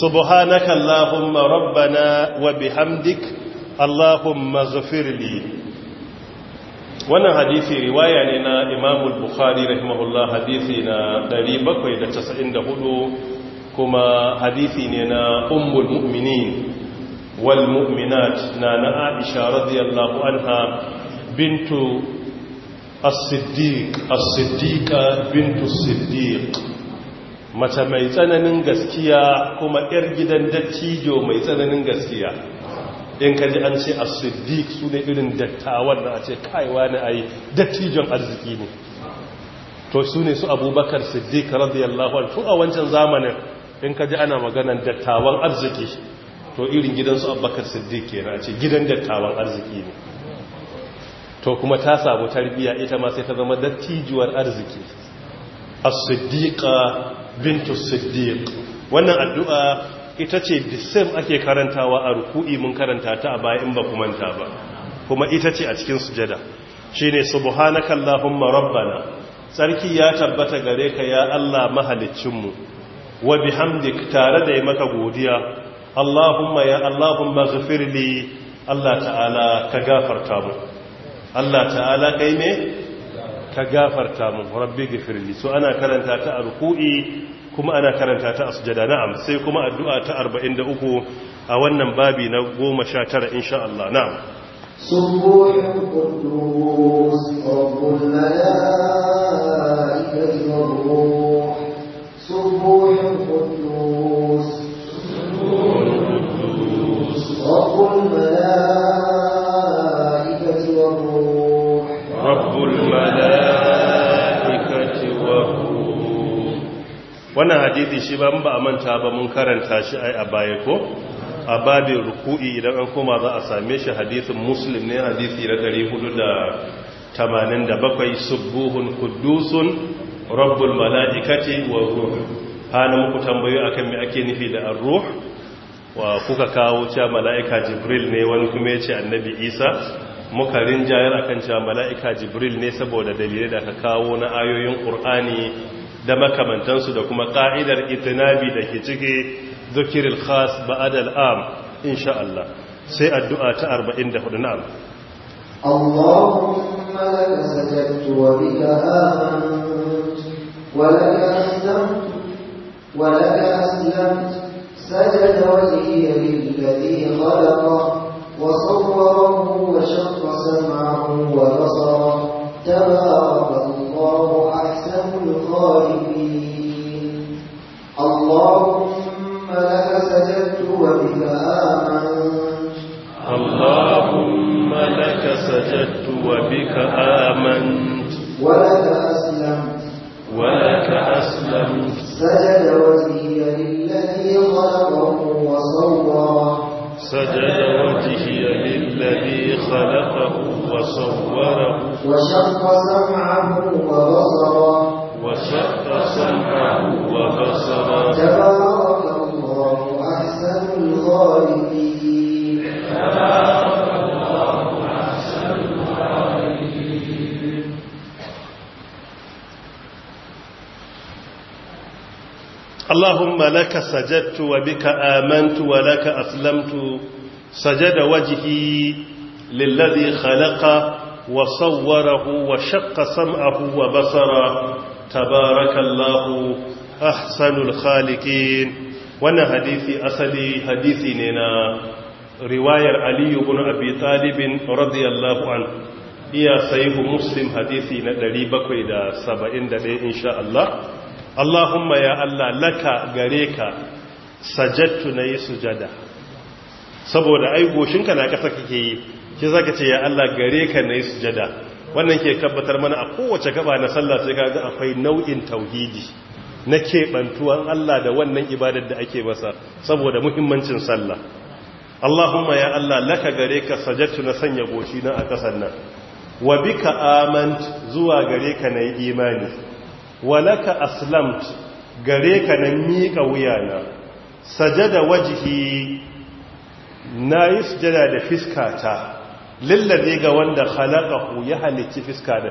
Speaker 2: subhanaka allahumma rabbana wa bihamdik allahumma ghafirli wannan hadisi riwaya ne na Imam al-Bukhari rahimahullah hadisi na hudu kuma hadisi ne na ummul mu'minin wal mu'minat na na Aisha radiyallahu anha bintu as siddiqa bintu as mace mai tsananin gaskiya kuma yar gidan dattijo mai tsananin gaskiya in ka ji an ce a siddiq su ne irin dattawan da a ce kaiwa na yi dattijon arziki ne to su ne su abubakar siddiq radiyallahu an tun a wancan zamanin in ka ji ana maganan dattawan arziki to irin gidansu abubakar siddiq ke na ce gidan dattawan arziki ne to kuma ta samu tarbiya ita ma sai ta zama dattijuwar arziki as-siddiqa bintu siddiq wannan addu'a ita ce the same ake karantawa a ruku'i mun karanta ta a baya in ba manta ba kuma ita ce a cikin sujada shine subhanaka allahumma rabbana sarki ya tabbata gare ka ya Allah mahaliccinmu wa bihamdik tare da yi maka godiya allahumma ya allahumma ghfirli Allah ta'ala ka gafarta mu Allah ta'ala kai me Ta gafarta mun rabbi gafirli so ana karanta ta a kuma ana karanta ta asjada na'am sai kuma addu'a ta 43 a wannan babi na 19 insha Allah na'am
Speaker 3: سبوح القدوس رب الملائكة والروح سبوح القدوس رب
Speaker 2: wannan hadithi shi ba ba a manta ba mun karanta shi a baya ko a babin ruku'i idan an koma za a same shi hadithin muslim ne hadisi na bakwai subuhun kudusun rabbul mala'ikati wa ruh hana muku tambayo akan me ake nufi da ar-ruh wa kuka kawo cewa mala'ika jibril ne wani kuma ya ce annabi isa muka rinjayar akan cewa mala'ika jibril ne saboda dalilai da ka kawo na ayoyin ƙur'ani da makamantansu da kuma ƙa'idar itinabi da ke cike zukiril khas adal am insha Allah sai addu'a ta 44 na'am
Speaker 3: Allahumma laka sajadtu wa bika amantu wa laka الظالمين
Speaker 1: اللهم لك سجدت وبك
Speaker 3: آمنت
Speaker 2: اللهم لك سجدت وبك آمنت ولك
Speaker 3: أسلمت ولك أسلمت سجد وجهي للذي خلقه وصوره
Speaker 2: سجد وجهي للذي خلقه وصوره وشق
Speaker 3: سمعه وبصره
Speaker 2: اللهم لك سجدت وبك آمنت ولك أسلمت سجد وجهي للذي خلق وصوره وشق سمعه وبصره تبارك الله أحسن الخالقين وانا حديثي أسلي حديثي نينا رواية علي بن أبي طالب رضي الله عنه iya sahihu muslim hadisi na 771 insha Allah Allahumma ya Allah laka gare ka sajattu na yi sujada saboda ai goshinka na kasa kake yi ki zaka ce ya Allah gare ka na yi sujada wannan ke kabbatar mana a kowace gaba na sallah sai kaga akwai nau'in tauhidi na keɓantuwan Allah da wannan ibadar da ake masa saboda muhimmancin sallah Allahumma ya Allah laka gare ka sajattu na sanya goshi na a kasan nan wa bika amant zuwa gare ka na yi imani walaka aslamt gare ka na miƙa wuyana sajada wajihi na yi sujada da fiskata ne ga wanda halakahu ya halicci fiska da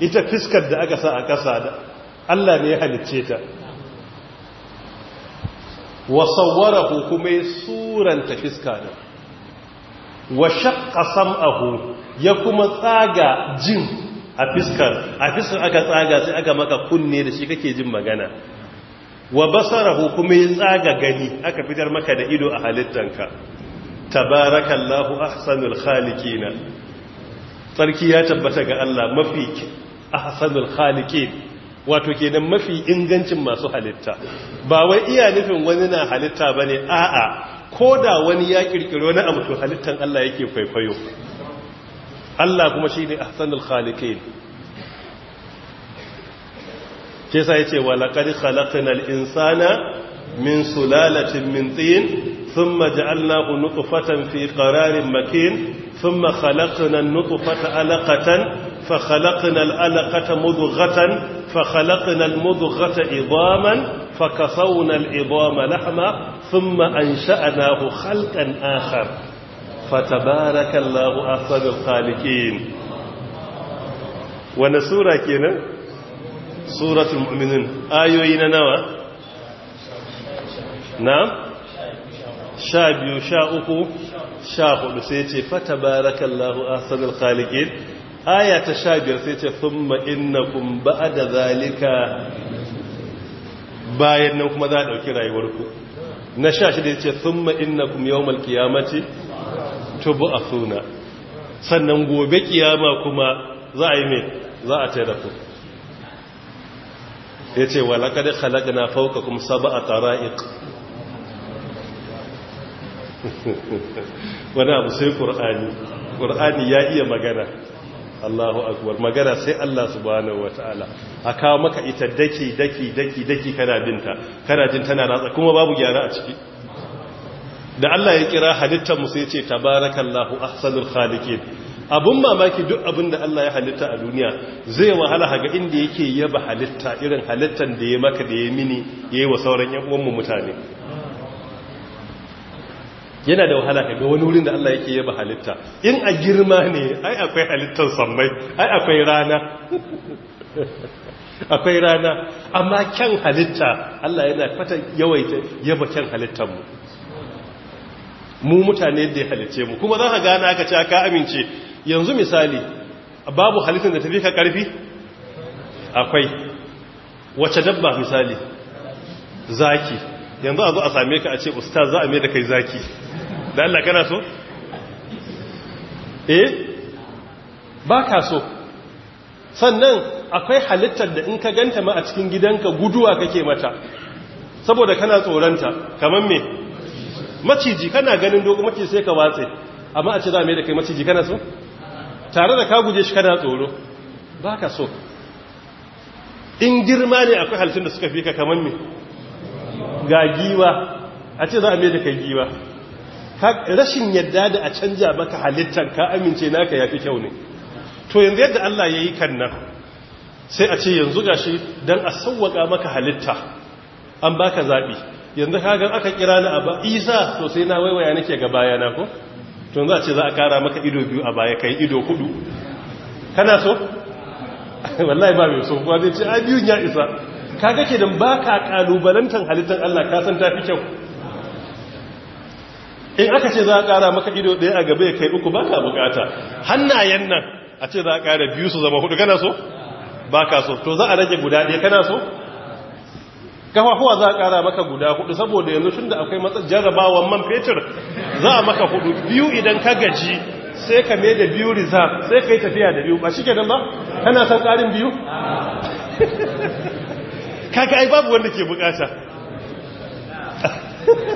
Speaker 2: ita fiskar da aka sa a ƙasa da Allah ne ya halicce ta wa sawwarahu kuma ya suranta fiska da wa shaƙa sam'ahu ya kuma tsaga jin a fiskar a fiskar aka tsaga sai aka maka kunne da shi kake jin magana wa basarahu kuma ya tsaga gani aka fitar maka da ido a halittanka tabarakallahu ahsanul khaliqina sarki ya tabbata ga Allah mafi ahsanul khaliqin wato kenan mafi ingancin masu halitta ba wai iya nufin wani na halitta bane a'a koda wani ya kirkiro na abu to halittan Allah yake kwaikwayo Allah kuma shi ne ahsanul khaliqin ke sa yace wa laqad khalaqnal insana min sulalacin min sun thumma ja'alnahu nutfatan fi qararin makin sun ma an-nutfata alaƙatan, fa khalaqna al-alaqata mudghatan fa khalaqna al-mudghata idaman fa kasawna al-idama lahma thumma ansha'nahu khalqan akhar fatabarakallahu ahsanul khaliqin wani sura kenan suratul mu'minin ayoyi na nawa na sha biyu sha uku sha hudu sai ce fatabarakallahu ahsanul khaliqin aya ta sha biyar sai ce thumma innakum ba'da zalika bayan nan kuma za a dauki rayuwarku na sha tubu a suna sannan gobe kiyama kuma za a yi mai za a taida ku ya ce walakar halaka na fauka kuma saba a tara'ik wani abu sai ƙur'ani ƙur'ani ya iya magana Allahu akbar magana sai Allah subhanahu wataala a kawo maka ita daki daki daki daki kana binta kana jin tana ratsa kuma babu gyara a ciki da Allah ya kira halittar mu sai ce tabarakallahu ahsanul khaliqin abun mamaki duk abin da Allah ya halitta a duniya zai wahala ga inda yake yaba halitta irin halittar da ya maka da ya mini yayi wa sauran yan uwan mu mutane yana da wahala ka ga wani wurin da Allah yake yaba halitta in a girma ne ai akwai halittar sammai ai akwai rana akwai rana amma kyan halitta Allah yana fata yawaita yaba kyan halittar mu mu mutane da ya halice mu kuma za ka gana aka ce aka amince yanzu misali babu halittar da tafi ka karfi akwai wacce dabba misali zaki yanzu a zo a same ka a ce ustaz za a mai da kai zaki da Allah kana so eh ba ka so sannan akwai halittar da in ka ganta ma a cikin gidanka guduwa kake mata saboda kana tsoronta kamar me maciji kana ganin dogo maciji sai ka watse amma a ce za a da kai maciji kana so tare da ka guje shi kana tsoro ba ka so in girma ne akwai halittun da suka fi ka kamar me ga giwa a ce za a mai da kai giwa rashin yadda da a canja maka halittar ka amince naka ya fi kyau ne to yanzu yadda Allah ya yi kan sai a ce yanzu gashi don a sauwaka maka halitta an baka zaɓi yanzu kagan aka kira ni a isa to sai na waiwaya nake ga baya na ko to za a ce za a kara maka ido biyu a baya kai ido hudu kana so wallahi ba mai so kuma zai ce a biyun ya isa kaga ke dan baka kalubalantan halittar Allah ka san tafi kyau in aka ce za a kara maka ido ɗaya a gaba ya kai uku baka bukata hannayen nan a ce za a kara biyu su zama hudu kana so baka so to za a rage guda ɗaya kana so kafafuwa za a kara maka guda hudu saboda yanzu tun da akwai matsar man fetur za a maka hudu biyu idan ka gaji sai ka mai da biyu riza, sai ka yi tafiya da biyu ba shi kenan ba kana son karin biyu kaka ai babu wanda ke bukata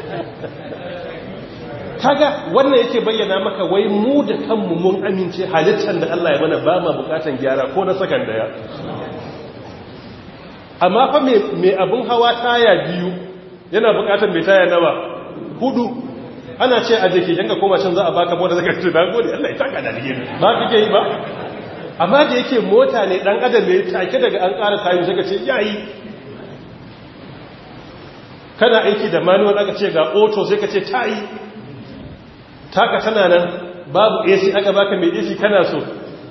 Speaker 2: kaga wannan yake bayyana maka wai mu da kanmu mun amince halittar da Allah ya mana ba ma bukatan gyara ko na sakan daya amma fa mai abin hawa taya biyu yana bukatar mai taya nawa hudu ana ce a jike yanka koma can za a baka mota zaka ce na gode Allah ya taka da alheri ba kike yi ba amma da yake mota ne dan adam ne take daga an ƙara tayin zaka ce yayi kana aiki da manual aka ce ga auto sai ka ce tayi taka tana nan babu AC aka baka mai AC kana so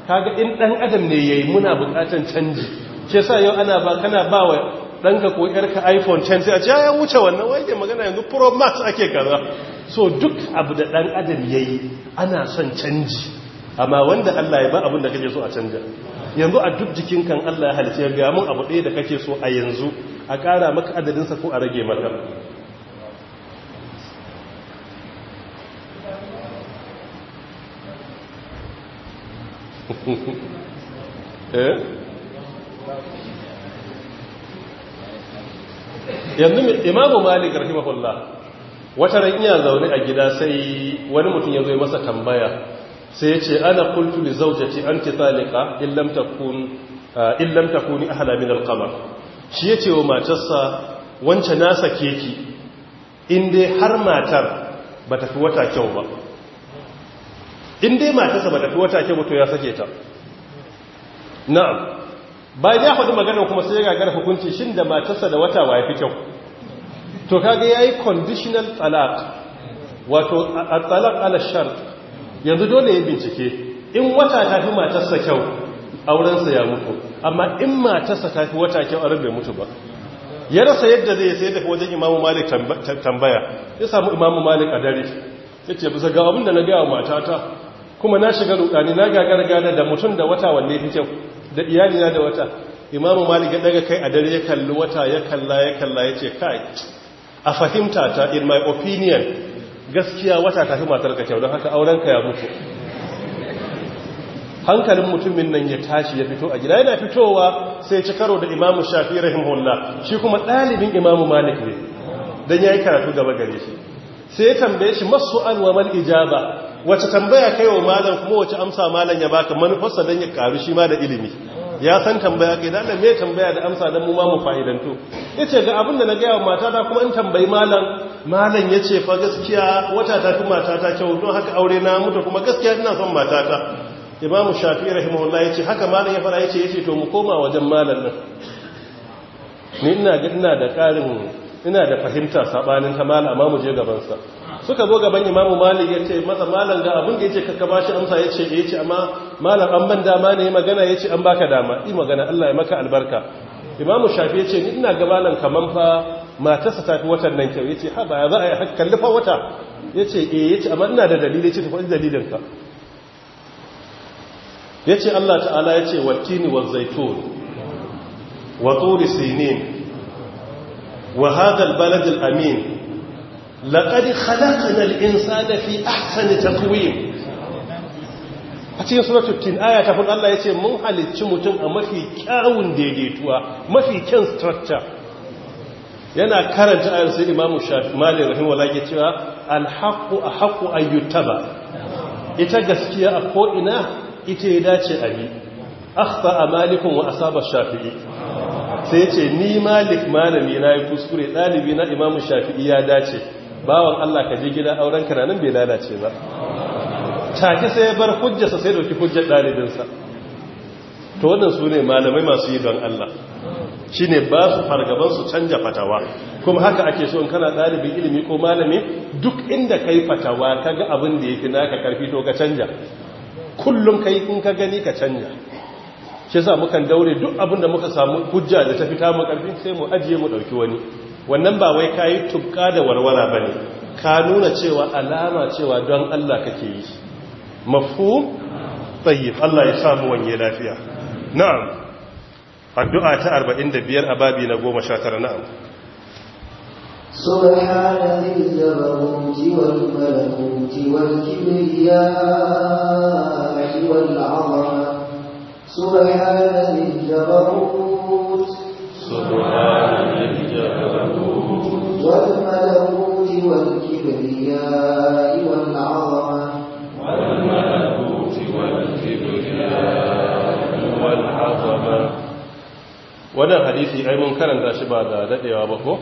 Speaker 2: kaga in dan adam ne yayi muna bukatan canji ce sa yau ana ba kana ba wa ɗanka ko ƙarka iphone 10 sai a ce ya wuce wannan wai magana yanzu pro max ake kaza so duk abu da ɗan adam ya yi ana son canji amma wanda allah ya ba abin da kake so a canja yanzu a duk jikin kan allah ya halice ga mun abu ɗaya da kake so a yanzu a ƙara maka adadinsa ko a rage maka
Speaker 1: eh yanzu
Speaker 2: imamu malik rahimahullah wata ran iya zaune a gida sai wani mutum ya zo masa tambaya sai ya ce ana kultu li zaujati anti talika illam takun eh, illam takuni ahla shi ya ce wa matarsa wancan nasa keki ki har matar ba ta fi wata kyau ba in matarsa ba ta fi wata kyau ba to ya sake ta na'am bayan ya faɗi magana kuma sai ya gagara hukunci shin da matarsa da wata wa ya fi kyau to kaga ya yi conditional talaq wato a talaq ala shart yanzu dole ya bincike in wata ta fi matarsa kyau aurensa ya mutu amma in matarsa ta fi wata kyau a bai mutu ba ya rasa yadda zai sai da wajen imamu malik tambaya ya samu imamu malik a dare ya ce bisa ga abin da na gaya wa matata kuma na shiga rudani na gagar gane da mutum da wata wanne fi kyau da iyali na da wata imamu malik ya daga kai a dare ya kalli wata ya kalla ya kalla ya ce kai a fahimta ta in my opinion gaskiya wata ta fi matar ka kyau don haka auren ka ya mutu hankalin mutumin nan ya tashi ya fito a gida yana fitowa sai ci karo da imamu shafi rahimahullah shi kuma ɗalibin imamu malik ne don ya yi karatu gaba gare shi sai ya tambaye shi masu alwa mal ijaba wace tambaya kai wa malam kuma wace amsa malam ya baka manufarsa don ya karu shi ma da ilimi ya san tambaya kai da me tambaya da amsa don mu ma mu fa'idanto yace ga abin da na gaya wa matata kuma in tambayi malam malam yace fa gaskiya wata ta fi matata kyau don haka aure na mutu kuma gaskiya ina son matata imamu shafi rahimahullah yace haka malam ya fara yace yace to mu koma wajen malam nan ni ina ga ina da karin ina da fahimta sabanin ta amma mu je gabansa suka zo gaban imamu malik ya ce masa malam ga abin da ya ce kakka ba shi amsa ya ce eh, ya amma malam an ban dama ne magana Yace an baka dama yi magana allah ya maka albarka imamu shafi ya ce ni ina ga malam kaman fa matarsa ta fi watan nan kyau ya ce ha baya za a yi kalli fa wata ya ce eh ya amma ina da dalili ya ce tafi dalilin ya ce allah ta'ala yace ce wattini wa zaitun wa turi sinin وهذا البلد الأمين لقد خلقنا الإنسان في أحسن تقويم a cikin suratul tin aya ta Allah ya ce mun halicci mutum a mafi kyawun daidaituwa mafi kyan structure yana karanta ayar sai imamu shafi malin rahim wala ke cewa a ahqu an ita gaskiya a ko ina ita ya dace a bi a amalikum wa asaba shafi'i sai ce ni malik malami na yi kuskure ɗalibi na imamu shafi'i ya dace bawan Allah ka je gida auren ka bai lalace ba take sai ya bar hujjarsa sai dauki hujjar ɗalibinsa to wannan su ne malamai masu yi don Allah shi ne ba su fargaban su canja fatawa kuma haka ake so in kana ɗalibin ilimi ko malami duk inda ka yi fatawa ka ga abin da ya fi naka karfi to ka canja kullum ka yi in ka gani ka canja shi sa mukan daure duk abinda muka samu hujja da ta fita mu karfin sai mu ajiye mu dauki wani wannan ba wai kayi tukka da warwara bane ka nuna cewa alama cewa don Allah kake yi mafhum tayyib Allah ya samu wanye lafiya na'am addu'a ta 45 a babi na 19 na'am
Speaker 3: سبحان ذي الجبروت والملكوت kibriya سبحان الجبروت
Speaker 1: سبحان الجبروت
Speaker 3: والملكوت والكبرياء والعظمة
Speaker 2: والملكوت والكبرياء والعظمة wannan hadisi ai mun karanta shi ba da dadewa ba ko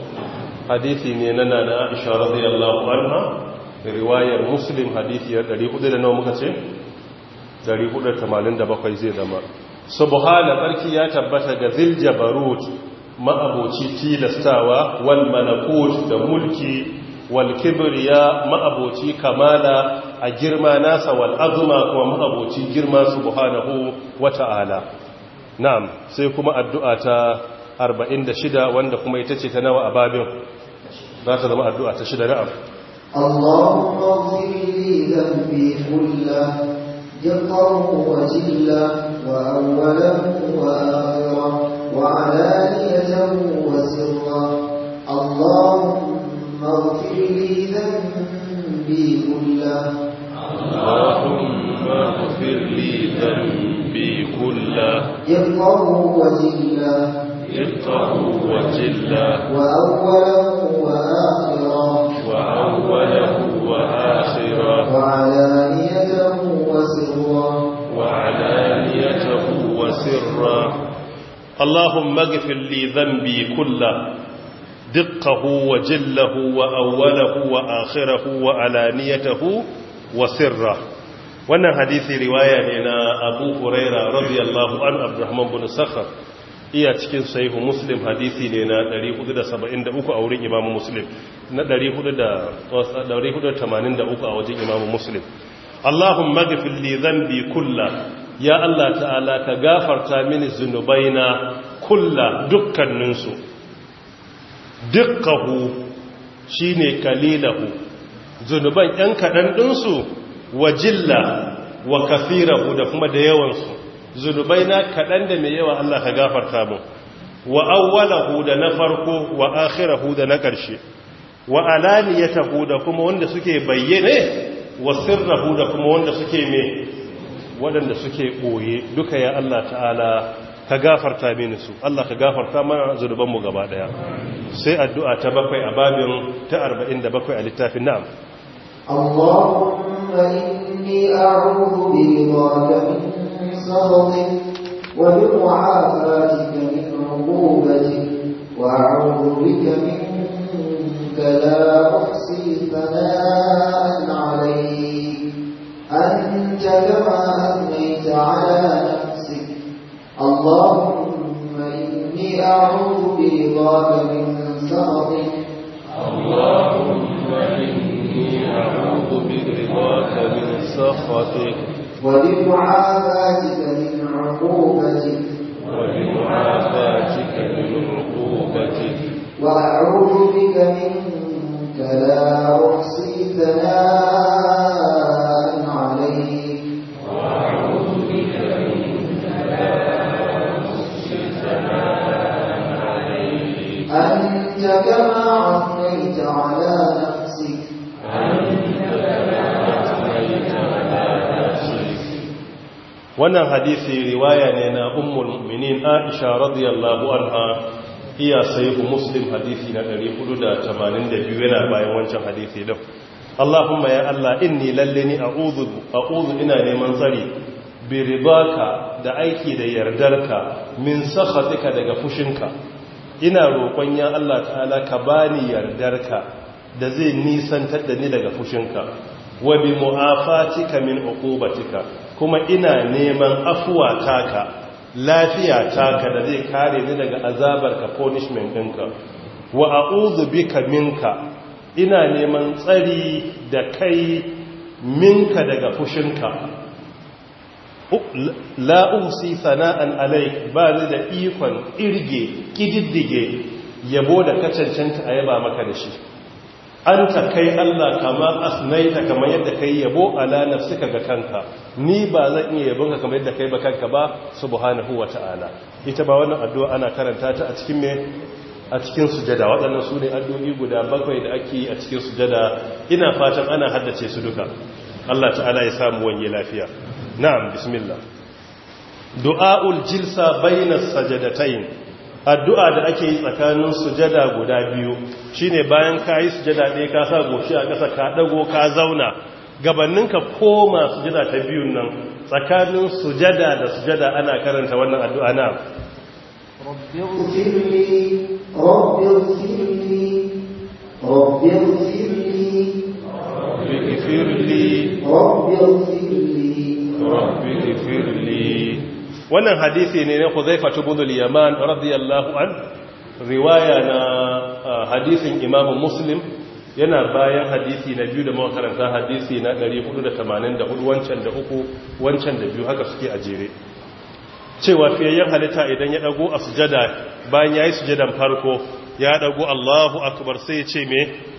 Speaker 2: hadisi ne na nana Aisha radiyallahu anha riwayar Muslim hadisi 400 da nawa muka ce 487 zai zama subhana barki ya tabbata ga zil jabarut ma'aboci tilastawa wal malakut da mulki wal kibriya ma'aboci kamala a girma nasa wal azuma kuma ma'aboci girma subhanahu wata'ala na'am sai kuma addu'a ta 46 wanda kuma ita ce ta nawa a babin za ta zama addu'a ta shida na'am
Speaker 3: Allahumma اغفر لي ذنبي كله دقه وجلا وأولا وآخرا وعلانية وسرا اللهم اغفر لي ذنبي كله
Speaker 2: اللهم اغفر لي ذنبي كله
Speaker 3: دقه وجلا
Speaker 2: دقه وجلا وأولا
Speaker 3: وآخرا وأولا وآخرا وعلانية
Speaker 2: سرا اللهم اغفر لي ذنبي كله دقه وجله وأوله وآخره وعلانيته وسره wannan hadisi riwaya ne na abu huraira radiyallahu an abdurrahman bin sakhar iya cikin sahihu muslim hadisi ne na 473 a wurin imamu muslim na 483 a wajen imamu muslim allahumma ghfir li dhanbi kullahu ya Allah ta'ala ka gafarta mini zunubaina kulla dukkaninsu dukkahu shine kalilahu zunuban 'yan kaɗan ɗinsu wa jilla wa kafirahu da kuma da yawansu zunubaina kaɗan da mai yawa Allah ka gafarta mu wa awwalahu da na farko wa akhirahu da na ƙarshe wa alaniyatahu da kuma wanda suke bayyane wa sirrahu da kuma wanda suke mai waɗanda suke ɓoye duka ya Allah ta'ala ka gafarta mini su Allah ka gafarta mana zunubanmu gaba ɗaya sai addu'a ta bakwai a babin ta arba'in da bakwai a littafin na'am
Speaker 3: اللهم إني أعوذ برضاك من سخطك وبمعافاتك من عقوبتك وأعوذ بك منك لا أحصي ثناء عليك أنت كما أثنيت على نفسك اللهم إني أعوذ برضاك من سخطك
Speaker 1: اللهم إني أعوذ برضاك
Speaker 2: من سخطك
Speaker 3: وبمعافاتك من عقوبتك
Speaker 1: من عقوبتك
Speaker 3: وأعوذ بك منك لا أحصي ثناء
Speaker 1: على نفسك
Speaker 2: wannan hadisi riwaya ne na ummul mu'minin Aisha radiyallahu anha iya sahihu muslim hadisi na 482 yana bayan wancan hadisi din Allahumma ya Allah inni ni a'udhu a'udhu ina neman tsari bi ka da aiki da yardarka min sakhatika daga fushinka ina roƙon ya Allah ta'ala ka bani yardarka da zai nisantar da ni daga fushinka wa bi mu'afatika min uqubatika kuma ina neman afuwa taka lafiya taka da zai kare ni daga azabarka punishment ɗinka wa a'udhu bika minka ina neman tsari da kai minka daga fushinka la'usi sana'an alai ba ni da ikon irge ƙididdige yabo da kacancanta a yaba maka da shi an ta kai Allah kama asnaita kamar yadda kai yabo ala nafsika ga kanka ni ba zan iya yabon ka kamar yadda kai ba kanka ba subhanahu ta'ala. ita ba wannan addu'a ana karanta ta a cikin me a cikin sujada waɗannan su ne addu'o'i guda bakwai da ake a cikin sujada ina fatan ana haddace su duka Allah ta'ala ya samu wani lafiya na'am bismillah du'aul jilsa baina sajadatain addu'a da ake yi tsakanin sujada guda biyu shine bayan ka yi sujada ɗaya ka sa goshi a ƙasa ka dago ka zauna gabaninka koma sujada ta biyun nan tsakanin sujada da sujada ana karanta wannan addu'a na
Speaker 3: rabbi
Speaker 2: wannan hadisi ne na Huzaifa ibn al-Yaman radiyallahu an riwaya na hadisin Imamu Muslim yana bayan hadisi na biyu da makaranta hadisi na 484 wancan da uku wancan da biyu haka suke a jere cewa fiyayyen halitta idan ya dago a sujada bayan ya yi sujadan farko ya dago Allahu akbar sai ya ce me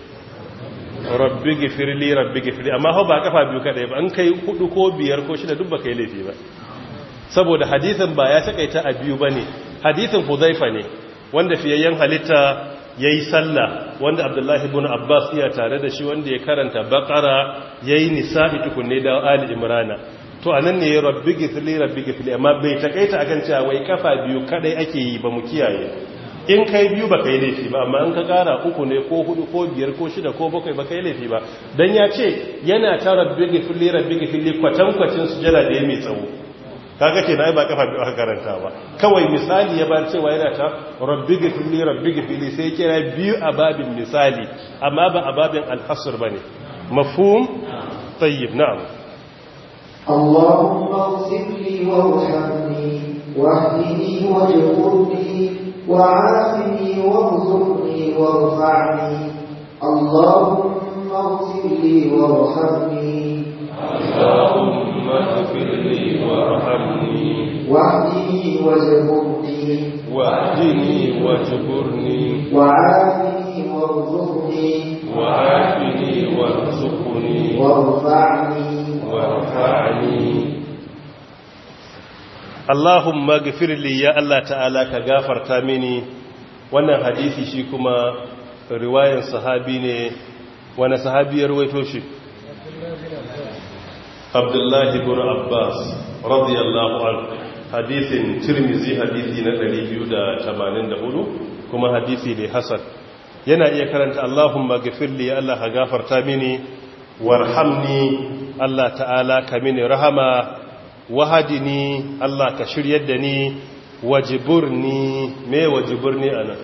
Speaker 2: rabbi gifirli rabbi gifirli amma hau ba kafa biyu kaɗai ba an kai hudu ko biyar ko shida duk ba kai laifi ba saboda hadisin ba ya takaita a biyu ba ne. hadisin huzaifa ne wanda fiyayyen halitta ya yi sallah wanda abdullahi ibn abbas iya tare da shi wanda ya karanta ya yayi nisa tukunne da ali imrana to anan ne rabbi gifirli rabbi gifirli amma bai takaita akan cewa wai kafa biyu kaɗai ake yi ba mu kiyaye in kai biyu ba kai laifi ba amma in ka kara uku ne ko hudu ko biyar ko shida ko bakwai ba kai laifi ba dan ya ce yana ta rabbi fili rabbi kwatan kwatankwacin sujada da ya mai tsawo kaga kenan ai ba kafa biyu aka karanta ba kawai misali ya bar cewa yana ta rabbi fili rabbi fili sai kira biyu a babin misali amma ba a babin alhasr bane mafhum tayyib na'am
Speaker 3: اللهم اغفر وعافني وارزقني وارفعني اللهم اغفر لي وارحمني اللهم
Speaker 1: اغفر لي وارحمني
Speaker 3: واهدني
Speaker 1: واجبرني واهدني واجبرني وعافني
Speaker 3: وارزقني وعافني وارزقني وارفعني
Speaker 2: وارفعني Allahumma gafirli ya Allah ta'ala ka gafarta mini wannan hadisi shi kuma riwayan sahabi ne wani sahabiyar waito shi Abdullahi bin Abbas radiyallahu anhu hadisin Tirmizi hadisi na 284 kuma hadisi ne Hassan yana iya karanta Allahumma gafirli ya Allah ka gafarta mini warhamni Allah ta'ala ka mini rahama Wahadi ni Allah ka shiryar da ni ni, me ni anan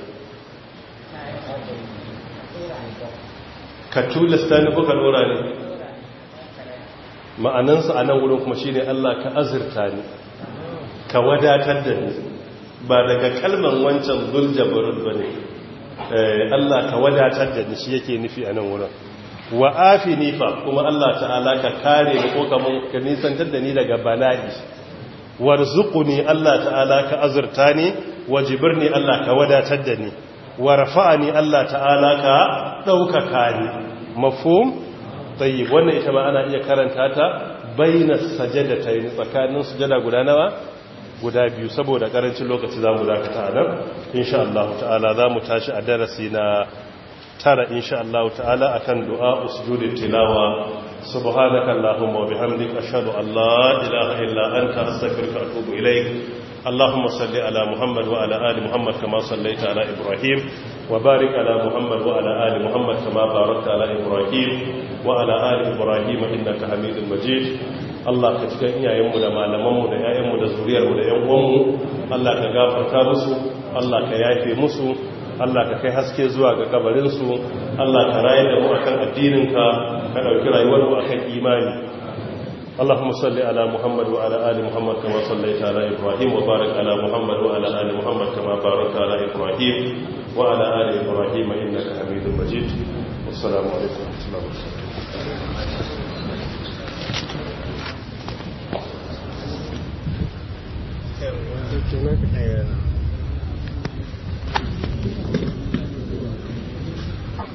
Speaker 2: ka tula stani bukan lura ne ma'anansa a nan wurin kuma shi ne Allah ka azurta ni ka wadatar da ni ba daga kalman wancan ba ne. Eh, Allah ka wadatar da ni shi yake nufi a nan wurin wa afi fa kuma Allah ta'ala ka kare ni ko ka nisantar da ni daga bala'i warzuquni Allah ta'ala ka azurta ni wajibirni Allah ka wadatar da ni warfa'ani Allah ta'ala ka daukaka ni mafhum tayyib wannan ita ma ana iya karanta ta bainas sajadatayn tsakanin sujada guda nawa guda biyu saboda karancin lokaci zamu zakata nan insha Allah ta'ala mu tashi a darasi na tara insha Allah ta'ala akan du'a usjudit tilawa subhanaka allahumma wa bihamdika ashhadu an la ilaha illa anta astaghfiruka wa atubu Muhammad اللهم صل على محمد وعلى آل محمد كما صليت على إبراهيم وبارك على محمد وعلى آل محمد كما باركت على إبراهيم وعلى آل إبراهيم إنك حميد مجيد Allah ka cika iyayenmu da malamanmu da 'ya'yanmu da zuriyarmu da 'yan uwanmu Allah ka gafarta musu Allah ka yafe musu Allah ka kai haske zuwa ga kabarinsu Allah ka raye da mu akan addininka ka dauki rayuwar mu akan imani Allahumma salli ala Muhammad wa ali Muhammad kama sallaita ala Ibrahim wa barik ala Muhammad wa ali Muhammad kama barakta ala Ibrahim wa ali Ibrahim innaka Hamidum Majid wassalamu alaikum
Speaker 3: wa rahmatullahi